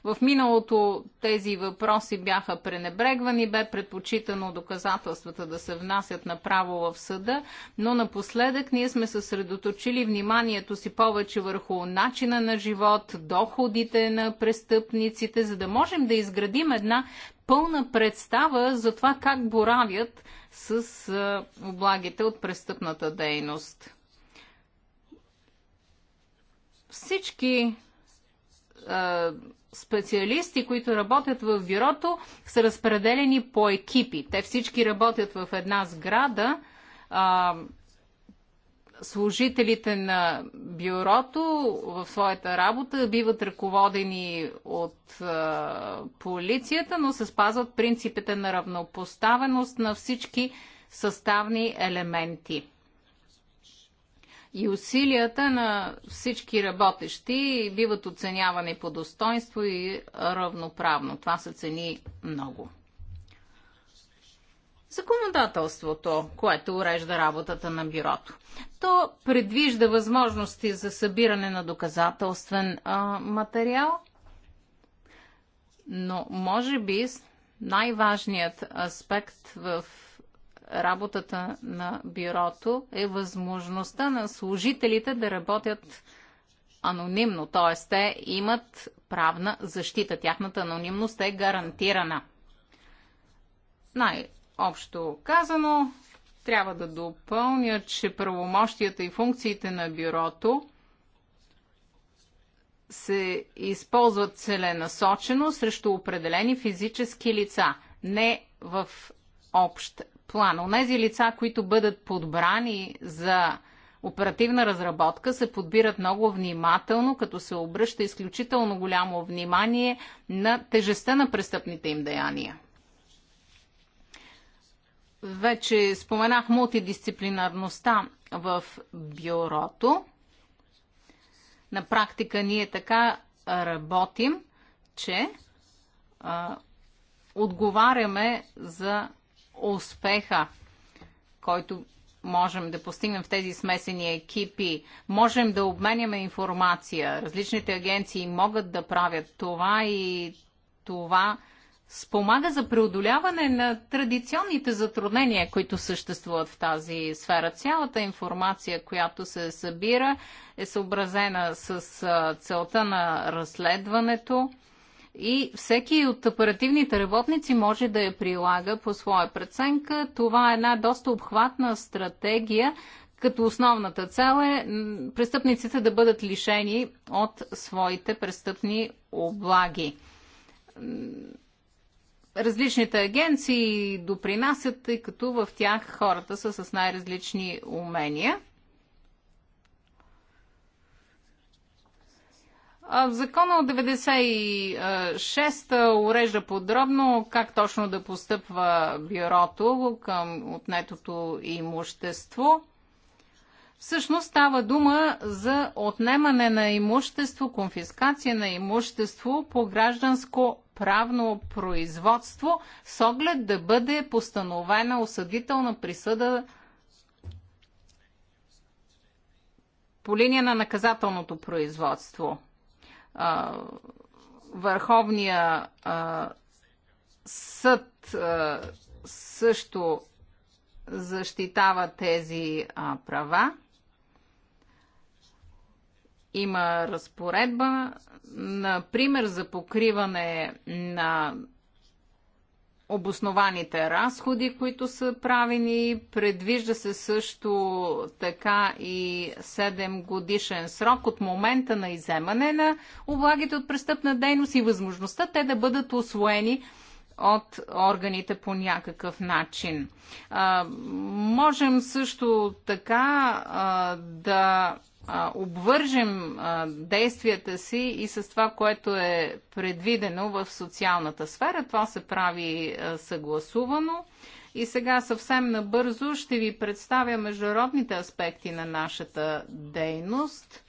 в миналото тези въпроси бяха пренебрегвани, бе предпочитано доказателствата да се внасят направо в съда, но напоследък ние сме съсредоточили вниманието си повече върху начина на живот, доходите на престъпниците, за да можем да изградим една пълна представа за това как боравят с облагите от престъпната дейност. Всички специалисти, които работят в бюрото, са разпределени по екипи. Те всички работят в една сграда. А, служителите на бюрото в своята работа биват ръководени от а, полицията, но се спазват принципите на равнопоставеност на всички съставни елементи и усилията на всички работещи биват оценявани по достоинство и равноправно. Това се цени много. Законодателството, което урежда работата на бюрото, то предвижда възможности за събиране на доказателствен а, материал, но може би най-важният аспект в работата на бюрото е възможността на служителите да работят анонимно, т.е. те имат правна защита. Тяхната анонимност е гарантирана. Най-общо казано, трябва да допълня, че правомощията и функциите на бюрото се използват целенасочено срещу определени физически лица, не в общ план. Онези лица, които бъдат подбрани за оперативна разработка се подбират много внимателно, като се обръща изключително голямо внимание на тежестта на престъпните им деяния. Вече споменах мултидисциплинарността в бюрото. На практика ние така работим, че а, отговаряме за успеха, който можем да постигнем в тези смесени екипи. Можем да обменяме информация. Различните агенции могат да правят това и това спомага за преодоляване на традиционните затруднения, които съществуват в тази сфера. Цялата информация, която се събира, е съобразена с целта на разследването и всеки от оперативните работници може да я прилага по своя преценка. Това е една доста обхватна стратегия, като основната цел е престъпниците да бъдат лишени от своите престъпни облаги. Различните агенции допринасят, тъй като в тях хората са с най-различни умения – Закона от 96-та урежда подробно как точно да постъпва бюрото към отнетото имущество. Всъщност става дума за отнемане на имущество, конфискация на имущество по гражданско правно производство с оглед да бъде постановена осъдителна присъда по линия на наказателното производство а, Върховния а, съд а, също защитава тези а, права. Има разпоредба, например, за покриване на обоснованите разходи, които са правени. Предвижда се също така и 7 годишен срок от момента на иземане на облагите от престъпна дейност и възможността те да бъдат освоени от органите по някакъв начин. А, можем също така а, да а, обвържем а, действията си и с това, което е предвидено в социалната сфера. Това се прави а, съгласувано. И сега съвсем набързо ще ви представя международните аспекти на нашата дейност.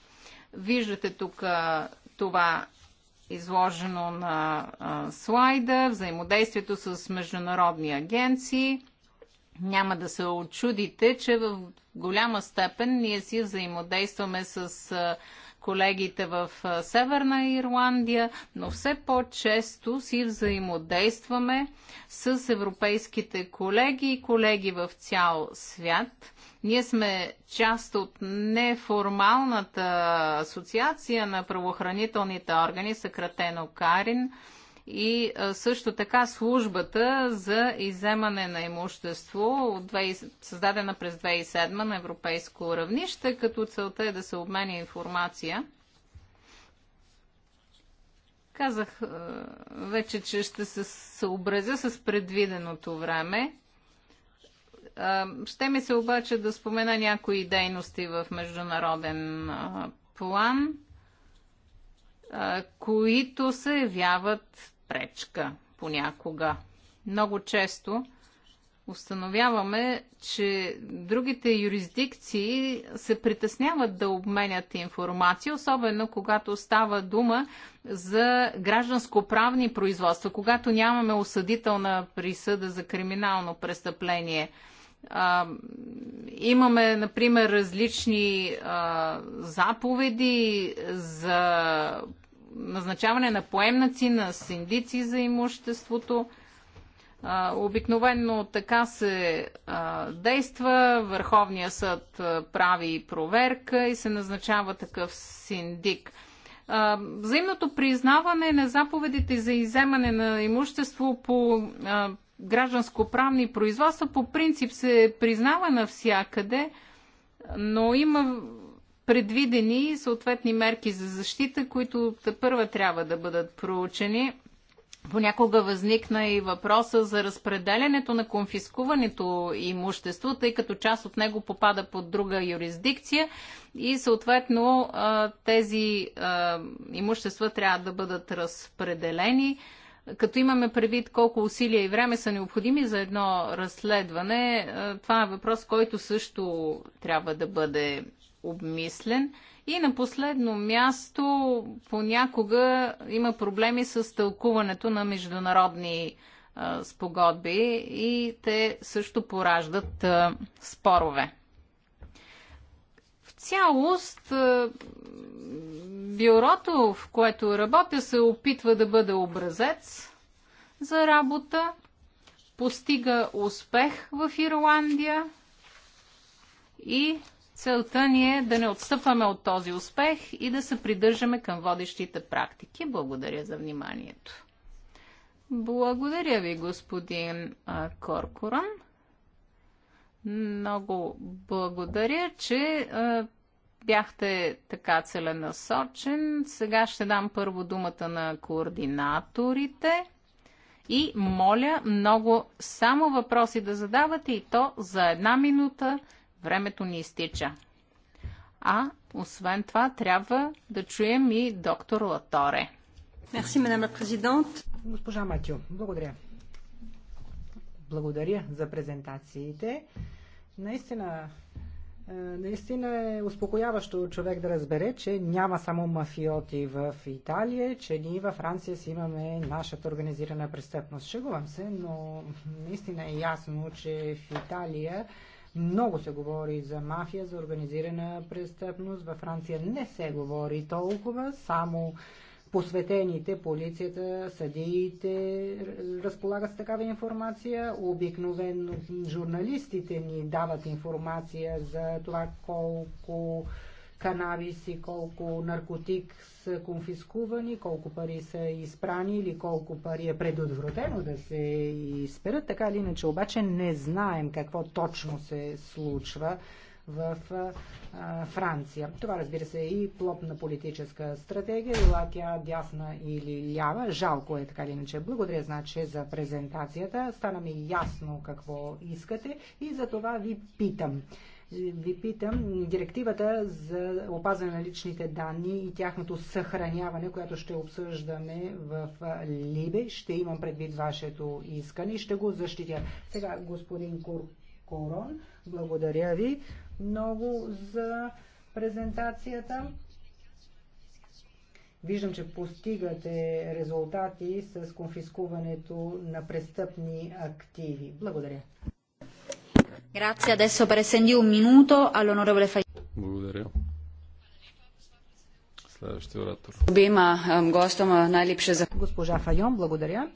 Виждате тук а, това изложено на а, слайда, взаимодействието с международни агенции – няма да се очудите, че в голяма степен ние си взаимодействаме с колегите в Северна Ирландия, но все по-често си взаимодействаме с европейските колеги и колеги в цял свят. Ние сме част от неформалната асоциация на правоохранителните органи, съкратено Карин – и също така службата за иземане на имущество, създадена през 2007 на европейско равнище, като целта е да се обменя информация. Казах вече, че ще се съобразя с предвиденото време. Ще ми се обаче да спомена някои дейности в международен план които се явяват пречка понякога. Много често установяваме, че другите юрисдикции се притесняват да обменят информация, особено когато става дума за гражданско-правни производства, когато нямаме осъдителна присъда за криминално престъпление. А, имаме, например, различни а, заповеди за назначаване на поемнаци, на синдици за имуществото. Обикновенно така се действа. Върховния съд прави проверка и се назначава такъв синдик. взаимното признаване на заповедите за иземане на имущество по гражданско-правни производства по принцип се признава навсякъде, но има предвидени съответни мерки за защита, които първа трябва да бъдат проучени. Понякога възникна и въпроса за разпределянето на конфискуването имущество, тъй като част от него попада под друга юрисдикция и съответно тези имущества трябва да бъдат разпределени. Като имаме предвид колко усилия и време са необходими за едно разследване, това е въпрос, който също трябва да бъде обмислен. И на последно място, понякога има проблеми с тълкуването на международни спогодби и те също пораждат спорове. В цялост, бюрото, в което работя, се опитва да бъде образец за работа, постига успех в Ирландия и Целта ни е да не отстъпваме от този успех и да се придържаме към водещите практики. Благодаря за вниманието. Благодаря ви, господин Коркоран. Много благодаря, че бяхте така целенасочен. Сега ще дам първо думата на координаторите. И моля много само въпроси да задавате и то за една минута Времето ни изтича. А, освен това, трябва да чуем и доктор Латоре. Мерси, мадам президент. Госпожа Матио, благодаря. Благодаря за презентациите. Наистина, е, наистина е успокояващо човек да разбере, че няма само мафиоти в Италия, че ние във Франция си имаме нашата организирана престъпност. Шегувам се, но наистина е ясно, че в Италия много се говори за мафия, за организирана престъпност. Във Франция не се говори толкова, само посветените, полицията, съдиите разполагат с такава информация. Обикновено журналистите ни дават информация за това колко канабис и колко наркотик са конфискувани, колко пари са изпрани или колко пари е предотвратено да се изперат. Така или иначе обаче не знаем какво точно се случва в а, Франция. Това разбира се е и плод на политическа стратегия, била тя дясна или лява. Жалко е така или иначе. Благодаря значи за презентацията. Стана ми ясно какво искате и за това ви питам ви питам, директивата за опазване на личните данни и тяхното съхраняване, което ще обсъждаме в Либе, ще имам предвид вашето искане и ще го защитя. Сега, господин Кур Корон, благодаря ви много за презентацията. Виждам, че постигате резултати с конфискуването на престъпни активи. Благодаря. Благодаря. Следващия оратор. Обима гостама най-липше за... Госпожа Файон, благодаря.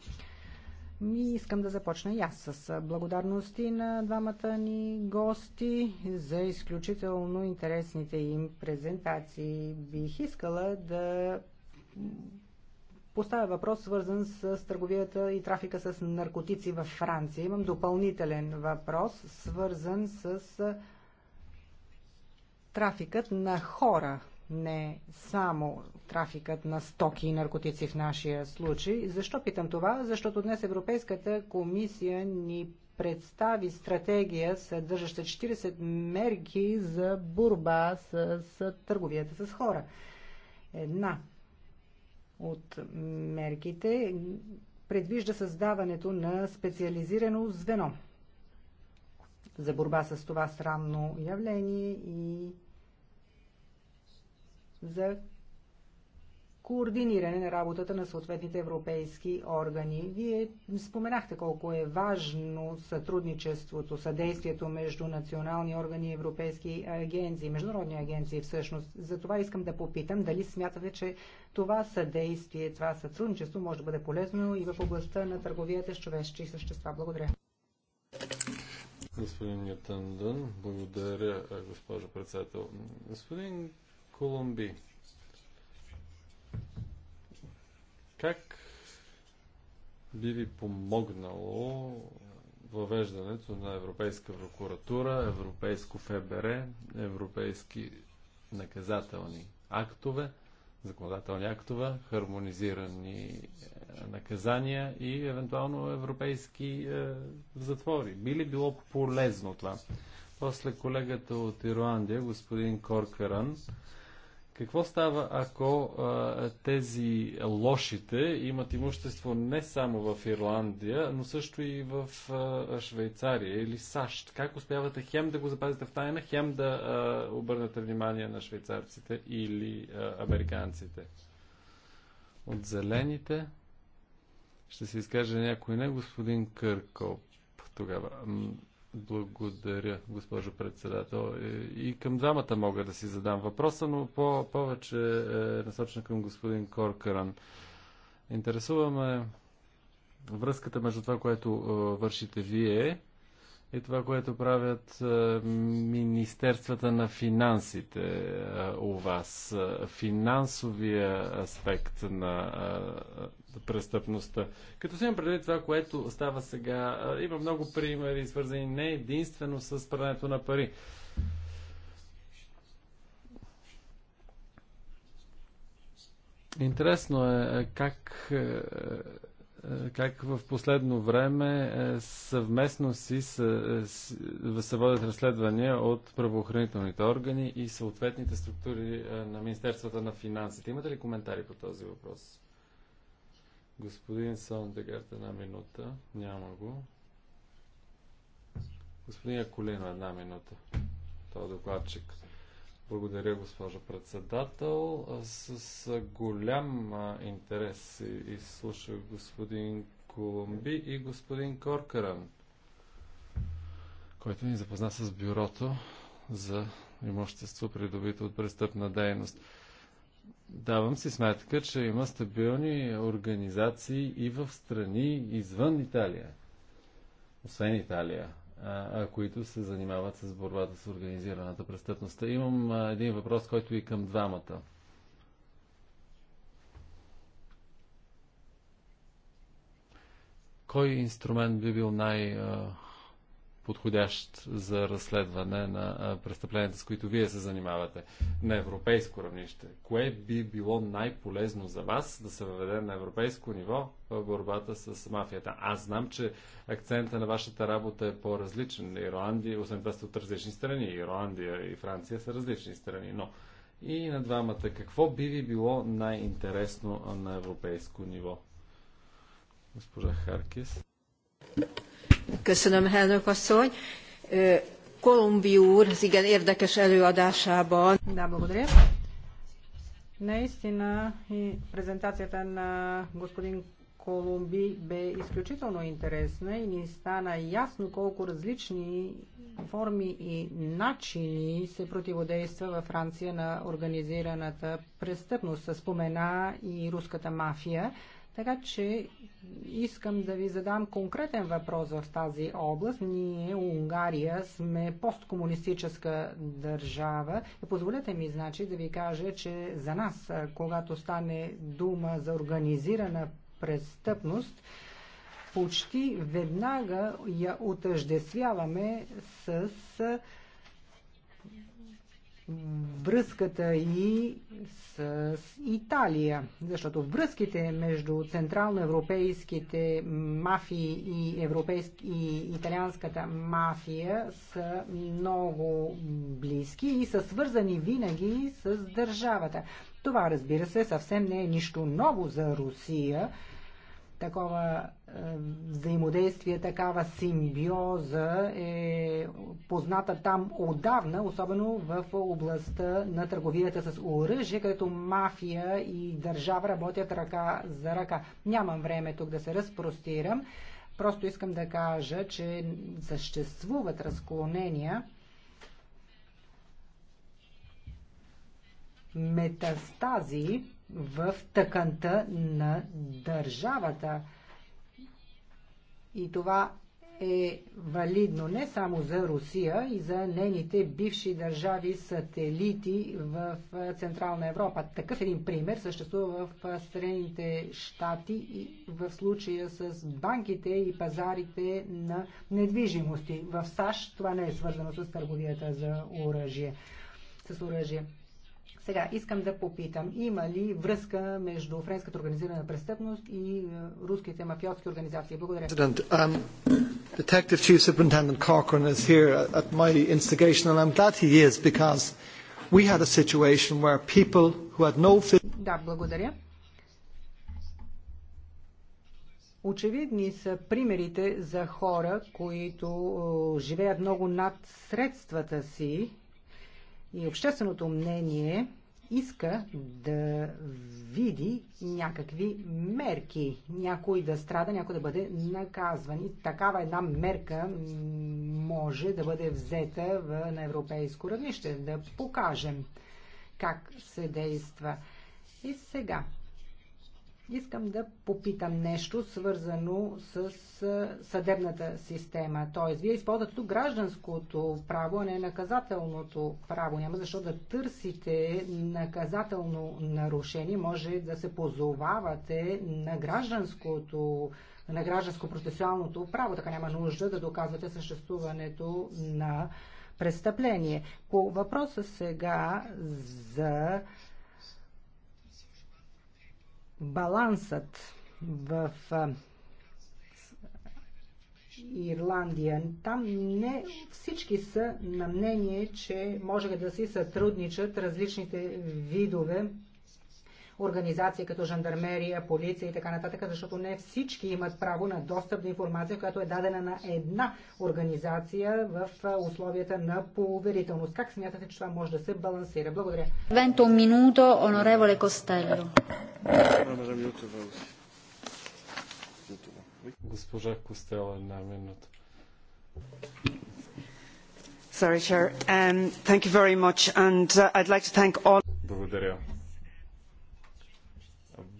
Ми искам да започна и аз с благодарности на двамата ни гости за изключително интересните им презентации. Бих искала да поставя въпрос, свързан с търговията и трафика с наркотици във Франция. Имам допълнителен въпрос, свързан с трафикът на хора, не само трафикът на стоки и наркотици в нашия случай. Защо питам това? Защото днес Европейската комисия ни представи стратегия, съдържаща 40 мерки за борба с, с търговията с хора. Една от мерките предвижда създаването на специализирано звено за борба с това срамно явление и за координиране на работата на съответните европейски органи. Вие споменахте колко е важно сътрудничеството, съдействието между национални органи и европейски агенции, международни агенции всъщност. За това искам да попитам дали смятате, че това съдействие, това сътрудничество може да бъде полезно и в областта на търговията с човешки същества. Благодаря. Господин Нютандън, благодаря, госпожо председател. Господин Колумби, как би ви помогнало въвеждането на Европейска прокуратура, Европейско ФБР, Европейски наказателни актове, законодателни актове, хармонизирани е, наказания и евентуално европейски е, затвори. Би ли било полезно това? После колегата от Ирландия, господин Коркаран, какво става, ако а, тези лошите имат имущество не само в Ирландия, но също и в а, Швейцария или САЩ? Как успявате хем да го запазите в тайна, хем да а, обърнете внимание на швейцарците или а, американците? От зелените ще се изкаже някой не, господин Къркоп тогава. Благодаря, госпожо председател. Е, и към двамата мога да си задам въпроса, но по- повече е насочен към господин Коркаран. Интересуваме връзката между това, което е, вършите вие е това, което правят е, Министерствата на финансите е, у вас. Е, финансовия аспект на престъпността. Като си имам преди това, което става сега, има много примери, свързани не единствено с прането на пари. Интересно е как как в последно време е, съвместно си се, се водят разследвания от правоохранителните органи и съответните структури е, на Министерствата на финансите. Имате ли коментари по този въпрос? Господин Сондегард, една минута. Няма го. Господин Акулино, една минута. Той е докладчик. Благодаря, госпожо председател. С голям интерес изслушах господин Колумби и господин Коркаран, който ни запозна с бюрото за имущество, придобито от престъпна дейност. Давам си сметка, че има стабилни организации и в страни извън Италия. Освен Италия а, които се занимават с борбата с организираната престъпност. Имам а, един въпрос, който и към двамата. Кой инструмент би бил най- а, подходящ за разследване на престъпленията, с които вие се занимавате на европейско равнище? Кое би било най-полезно за вас да се въведе на европейско ниво в борбата с мафията? Аз знам, че акцента на вашата работа е по-различен. Ирландия, освен това сте от различни страни. Ирландия и Франция са различни страни, но и на двамата. Какво би ви било най-интересно на европейско ниво? Госпожа Харкис. Thank you. Köszönöm, elnök asszony. Колумби Ур, igen érdekes előadásában. Да, благодаря. Наистина и презентацията на господин Колумби бе изключително интересна и ни стана ясно колко различни форми и начини се противодейства във Франция на организираната престъпност. Спомена и руската мафия, така че искам да ви задам конкретен въпрос в тази област. Ние, Унгария, сме посткомунистическа държава. И позволете ми, значи, да ви кажа, че за нас, когато стане дума за организирана престъпност, почти веднага я отъждествяваме с връзката и с Италия, защото връзките между централноевропейските мафии и, европейски, и италианската мафия са много близки и са свързани винаги с държавата. Това, разбира се, съвсем не е нищо ново за Русия. Такова взаимодействие, такава симбиоза е позната там отдавна, особено в областта на търговията с оръжие, където мафия и държава работят ръка за ръка. Нямам време тук да се разпростирам. Просто искам да кажа, че съществуват разклонения метастази в тъканта на държавата – и това е валидно не само за Русия и за нейните бивши държави сателити в Централна Европа. Такъв един пример съществува в Средните щати и в случая с банките и пазарите на недвижимости. В САЩ това не е свързано с търговията за оръжие, с оръжие. Сега искам да попитам, има ли връзка между френската организирана престъпност и е, руските мафиотски организации? Благодаря. Um, Detective Chief Superintendent Cochran is here at my instigation and I'm glad he is because we had a situation where people who had no... Да, благодаря. Очевидни са примерите за хора, които е, живеят много над средствата си и общественото мнение иска да види някакви мерки. Някой да страда, някой да бъде наказван. И такава една мерка може да бъде взета в, на европейско равнище. Да покажем как се действа. И сега Искам да попитам нещо свързано с съдебната система. Т.е. вие използвате тук гражданското право, а не наказателното право. Няма защо да търсите наказателно нарушение. Може да се позовавате на гражданското на гражданско-процесуалното право. Така няма нужда да доказвате съществуването на престъпление. По въпроса сега за балансът в Ирландия. Там не всички са на мнение, че може да си сътрудничат различните видове организации като жандармерия, полиция и така нататък, защото не всички имат право на достъп до информация, която е дадена на една организация в условията на поверителност. Как смятате, че това може да се балансира? Благодаря. Венто минуто, онореволе Костелло. Госпожа Костелло, една минута. Sorry, Chair. Um, thank you very much, and uh, I'd like to thank all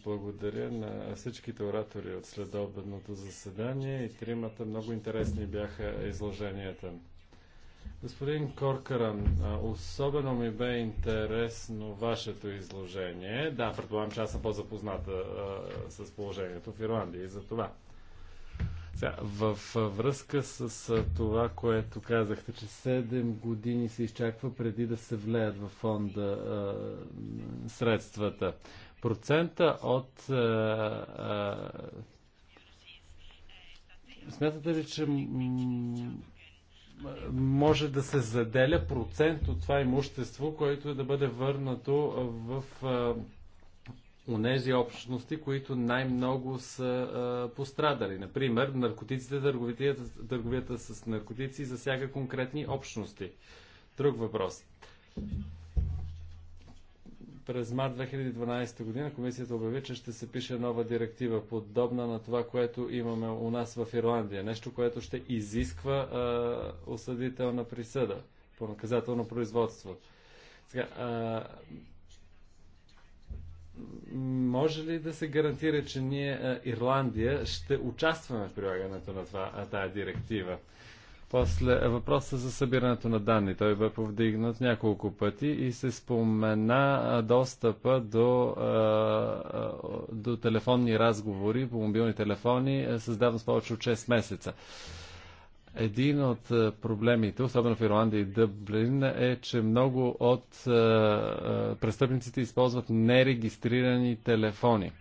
благодаря на всичките оратори от следобедното заседание и тримата много интересни бяха изложенията. Господин Коркаран, особено ми бе интересно вашето изложение. Да, предполагам, че аз съм по-запозната с положението в Ирландия и за това. Сега, в връзка с това, което казахте, че 7 години се изчаква преди да се влеят в фонда а, средствата процента от. А, е, а, е, смятате ли, че може да се заделя процент от това имущество, което е да бъде върнато в а, е, унези общности, които най-много са а, пострадали. Например, наркотиците, търговията, търговията с наркотици засяга конкретни общности. Друг въпрос през март 2012 година комисията обяви, че ще се пише нова директива, подобна на това, което имаме у нас в Ирландия. Нещо, което ще изисква а, осъдителна присъда по наказателно производство. Сега, а, може ли да се гарантира, че ние, а, Ирландия, ще участваме в прилагането на това, а, тая директива? После въпроса за събирането на данни. Той бе повдигнат няколко пъти и се спомена достъпа до, до телефонни разговори по мобилни телефони е, с давност повече от 6 месеца. Един от проблемите, особено в Ирландия и Дъблин, е, че много от престъпниците използват нерегистрирани телефони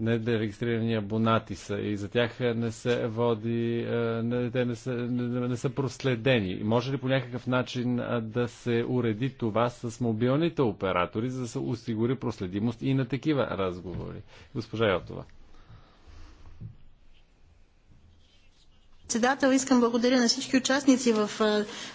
недерегистрирани абонати са и за тях не се води, е, не, те не са, не, не са проследени. Може ли по някакъв начин е, да се уреди това с мобилните оператори, за да се осигури проследимост и на такива разговори? Госпожа Йотова. председател. Искам благодаря на всички участници в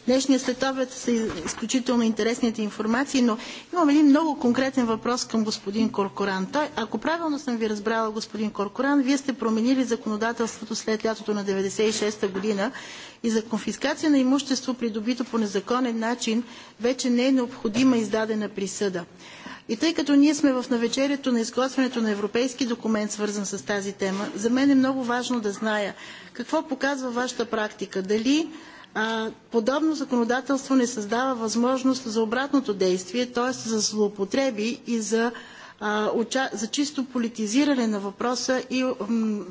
днешния следобед с изключително интересните информации, но имам един много конкретен въпрос към господин Коркоран. Той, ако правилно съм ви разбрала, господин Коркоран, вие сте променили законодателството след лятото на 96-та година и за конфискация на имущество, придобито по незаконен начин, вече не е необходима издадена присъда. И тъй като ние сме в навечерието на изготвянето на европейски документ, свързан с тази тема, за мен е много важно да зная какво показва вашата практика. Дали а, подобно законодателство не създава възможност за обратното действие, т.е. за злоупотреби и за, а, за чисто политизиране на въпроса и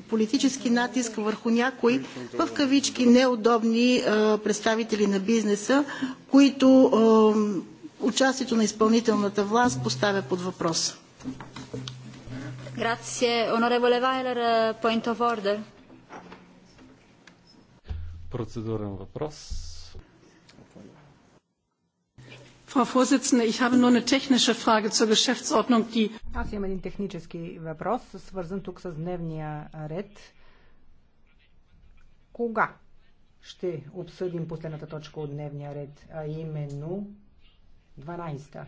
политически натиск върху някои, в кавички, неудобни а, представители на бизнеса, които участието на изпълнителната власт поставя под въпрос. Процедурен въпрос. Frau Vorsitzende, ich habe nur eine technische Frage zur Geschäftsordnung, die... Аз имам един технически въпрос, свързан тук с дневния ред. Кога ще обсъдим последната точка от дневния ред, а именно 12.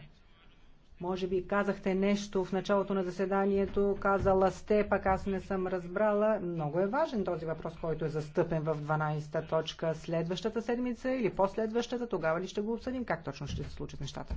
Може би казахте нещо в началото на заседанието, казала сте, пък аз не съм разбрала. Много е важен този въпрос, който е застъпен в 12-та точка следващата седмица или последващата. Тогава ли ще го обсъдим? Как точно ще се случат нещата?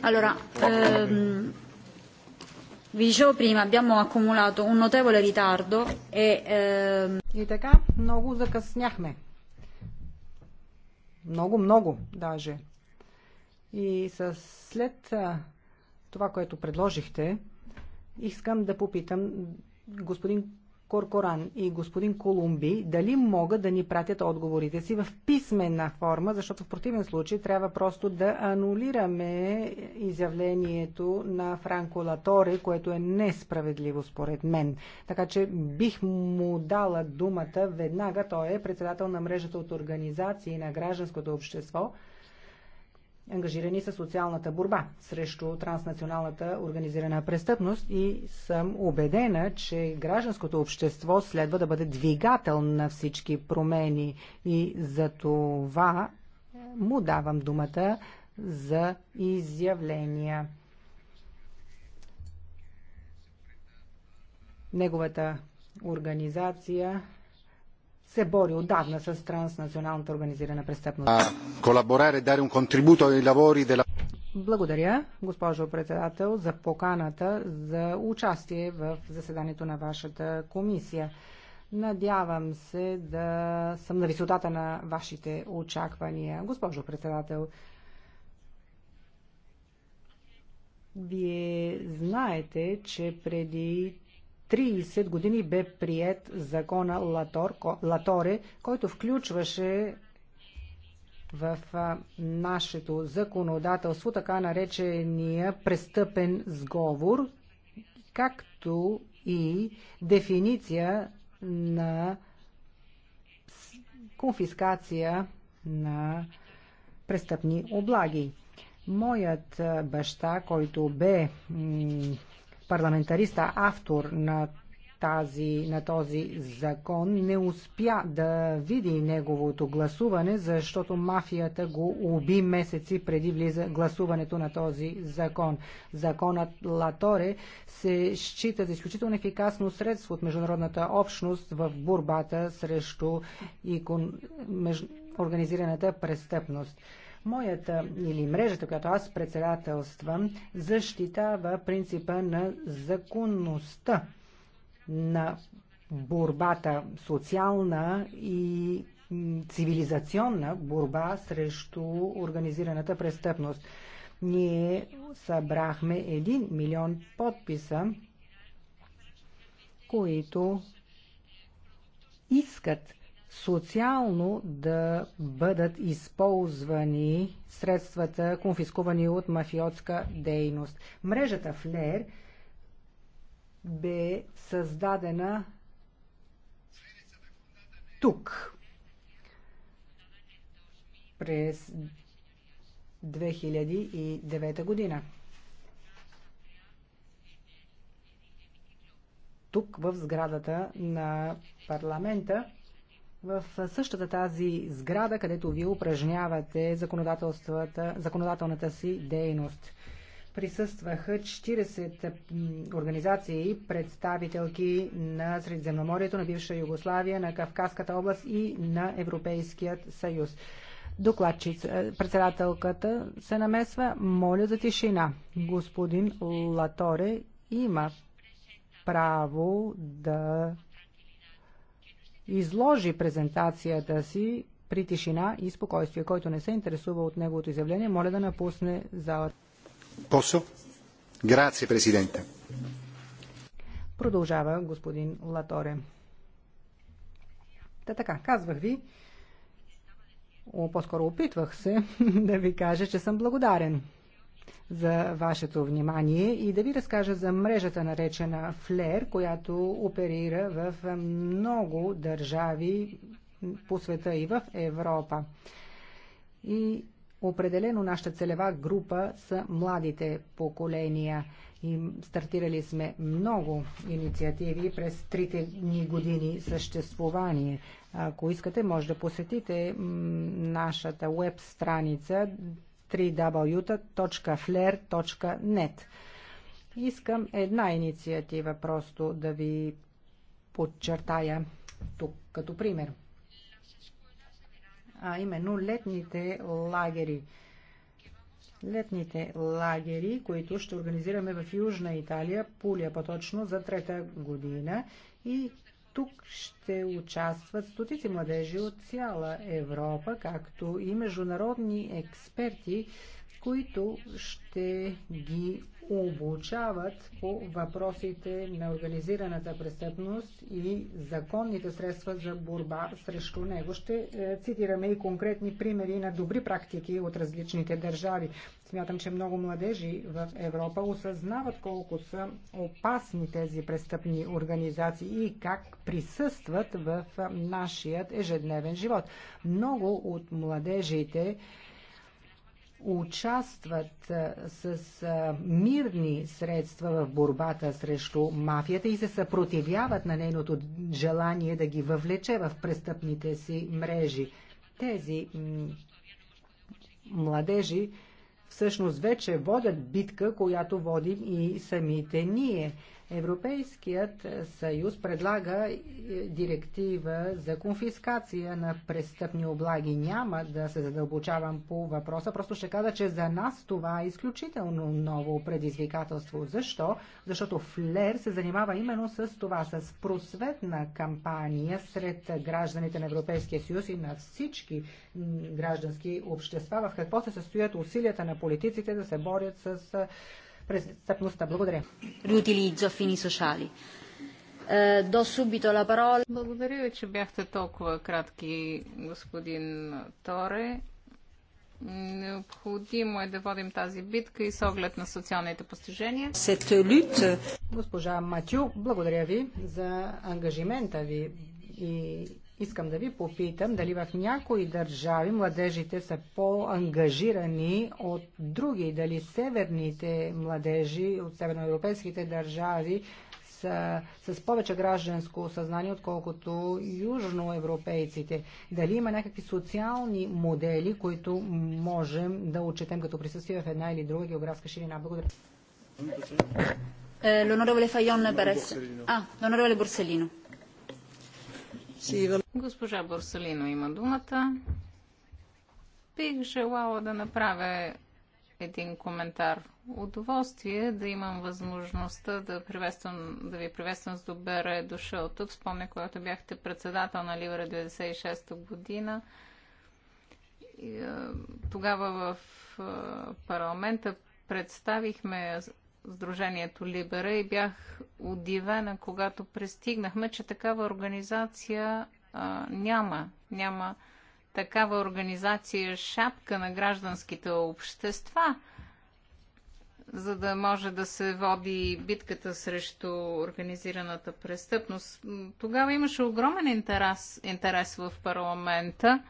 Allora, ehm, vi dicevo prima, abbiamo accumulato un notevole ritardo e... Ehm... И така, много закъсняхме. Много, много даже. И с, след това, което предложихте, искам да попитам господин Коркоран и господин Колумби дали могат да ни пратят отговорите си в писмена форма, защото в противен случай трябва просто да анулираме изявлението на Франко Латоре, което е несправедливо според мен. Така че бих му дала думата веднага. Той е председател на мрежата от организации на гражданското общество – ангажирани с социалната борба срещу транснационалната организирана престъпност и съм убедена, че гражданското общество следва да бъде двигател на всички промени и за това е, му давам думата за изявления. Неговата организация се бори отдавна с транснационалната организирана престъпност. Колабораре, даре un и лавори дела. Благодаря, госпожо председател, за поканата за участие в заседанието на вашата комисия. Надявам се да съм на висотата на вашите очаквания. Госпожо председател, вие знаете, че преди 30 години бе прият закона Латоре, който включваше в нашето законодателство така наречения престъпен сговор, както и дефиниция на конфискация на престъпни облаги. Моят баща, който бе парламентариста, автор на тази, на този закон, не успя да види неговото гласуване, защото мафията го уби месеци преди влиза гласуването на този закон. Законът Латоре се счита за изключително ефикасно средство от международната общност в борбата срещу икон... меж... организираната престъпност. Моята или мрежата, която аз председателствам, защитава принципа на законността на борбата социална и цивилизационна борба срещу организираната престъпност. Ние събрахме 1 милион подписа, които искат социално да бъдат използвани средствата, конфискувани от мафиотска дейност. Мрежата ФЛЕР бе създадена тук през 2009 година. Тук в сградата на парламента в същата тази сграда, където вие упражнявате законодателната си дейност. Присъстваха 40 организации, представителки на Средиземноморието, на бивша Югославия, на Кавказската област и на Европейският съюз. Докладчица, е, председателката се намесва, моля за тишина. Господин Латоре има право да изложи презентацията си при тишина и спокойствие. Който не се интересува от неговото изявление, моля да напусне залата. Посо? Грация, президента. Продължава господин Латоре. Та така, казвах ви, по-скоро опитвах се да ви кажа, че съм благодарен за вашето внимание и да ви разкажа за мрежата наречена Флер, която оперира в много държави по света и в Европа. И определено нашата целева група са младите поколения. И стартирали сме много инициативи през трите ни години съществувание. Ако искате, може да посетите нашата веб страница www.flair.net. Искам една инициатива просто да ви подчертая тук като пример. А именно летните лагери. Летните лагери, които ще организираме в Южна Италия, Пулия по-точно, за трета година и тук ще участват стотици младежи от цяла Европа, както и международни експерти, които ще ги обучават по въпросите на организираната престъпност и законните средства за борба срещу него. Ще е, цитираме и конкретни примери на добри практики от различните държави. Смятам, че много младежи в Европа осъзнават колко са опасни тези престъпни организации и как присъстват в нашият ежедневен живот. Много от младежите участват с мирни средства в борбата срещу мафията и се съпротивяват на нейното желание да ги въвлече в престъпните си мрежи. Тези младежи всъщност вече водят битка, която водим и самите ние. Европейският съюз предлага е, директива за конфискация на престъпни облаги. Няма да се задълбочавам по въпроса, просто ще кажа, че за нас това е изключително ново предизвикателство. Защо? Защото Флер се занимава именно с това, с просветна кампания сред гражданите на Европейския съюз и на всички граждански общества, в какво се състоят усилията на политиците да се борят с е, престъпността. Благодаря. Riutilizzo fini sociali. Е, до субито ла парола. Благодаря ви, че бяхте толкова кратки, господин Торе. Необходимо е да водим тази битка и с оглед на социалните постижения. Госпожа Матю, благодаря ви за ангажимента ви и Искам да ви попитам дали в някои държави младежите са по-ангажирани от други, дали северните младежи от северноевропейските държави са с повече гражданско съзнание, отколкото южноевропейците. Дали има някакви социални модели, които можем да отчетем като присъствие в една или друга географска ширина? Благодаря. L'onorevole Fayon Perez. Ah, l'onorevole Borsellino. Госпожа Борсалино има думата. Бих желала да направя един коментар. Удоволствие да имам възможността да, приветствам, да ви приветствам с добър дошъл тук. Спомня, когато бяхте председател на Ливра 96-та година. Тогава в парламента представихме Сдружението Либера и бях удивена, когато пристигнахме, че такава организация а, няма. Няма такава организация шапка на гражданските общества, за да може да се води битката срещу организираната престъпност. Тогава имаше огромен интерес, интерес в парламента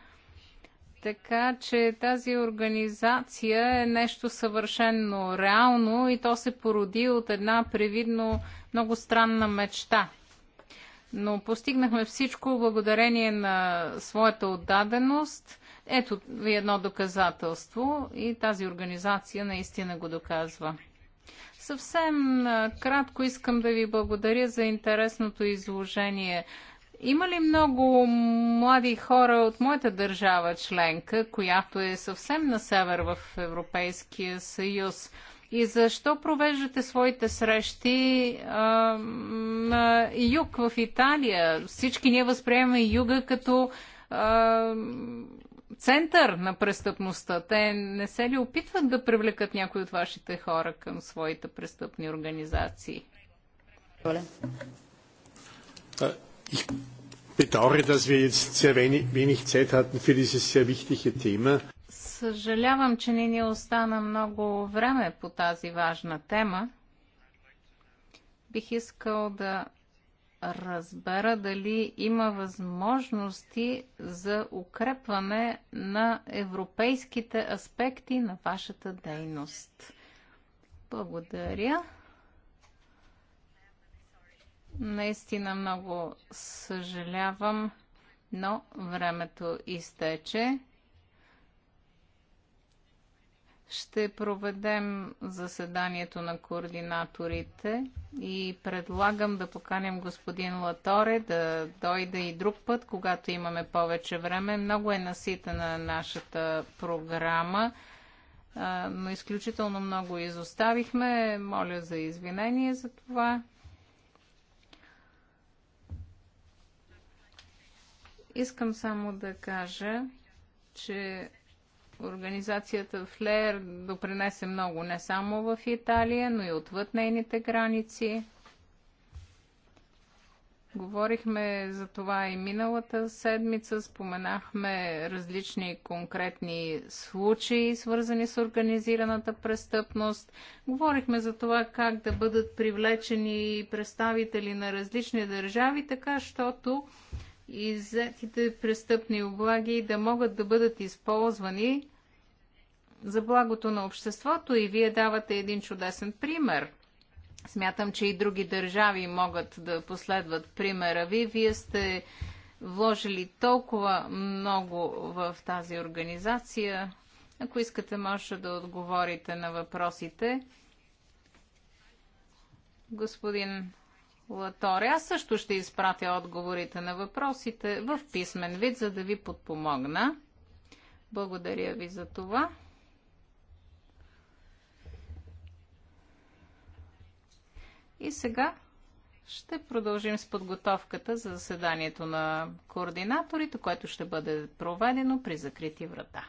така че тази организация е нещо съвършенно реално и то се породи от една привидно много странна мечта. Но постигнахме всичко благодарение на своята отдаденост. Ето ви едно доказателство и тази организация наистина го доказва. Съвсем кратко искам да ви благодаря за интересното изложение. Има ли много млади хора от моята държава членка, която е съвсем на север в Европейския съюз? И защо провеждате своите срещи а, на юг в Италия? Всички ние възприемаме юга като а, център на престъпността. Те не се ли опитват да привлекат някои от вашите хора към своите престъпни организации? Ich bedauere, dass wir jetzt sehr wenig wenig Zeit hatten für dieses sehr wichtige Thema. Съжалявам, че не ни остана много време по тази важна тема. Бих искал да разбера дали има възможности за укрепване на европейските аспекти на вашата дейност. Благодаря. Наистина много съжалявам, но времето изтече. Ще проведем заседанието на координаторите и предлагам да поканим господин Латоре да дойде и друг път, когато имаме повече време. Много е наситена нашата програма, но изключително много изоставихме. Моля за извинение за това. Искам само да кажа, че организацията Флер допринесе много не само в Италия, но и отвъд нейните граници. Говорихме за това и миналата седмица, споменахме различни конкретни случаи, свързани с организираната престъпност. Говорихме за това как да бъдат привлечени представители на различни държави, така щото и взетите престъпни облаги да могат да бъдат използвани за благото на обществото и вие давате един чудесен пример. Смятам, че и други държави могат да последват примера ви. Вие сте вложили толкова много в тази организация. Ако искате, може да отговорите на въпросите. Господин Латоре. Аз също ще изпратя отговорите на въпросите в писмен вид, за да ви подпомогна. Благодаря ви за това. И сега ще продължим с подготовката за заседанието на координаторите, което ще бъде проведено при закрити врата.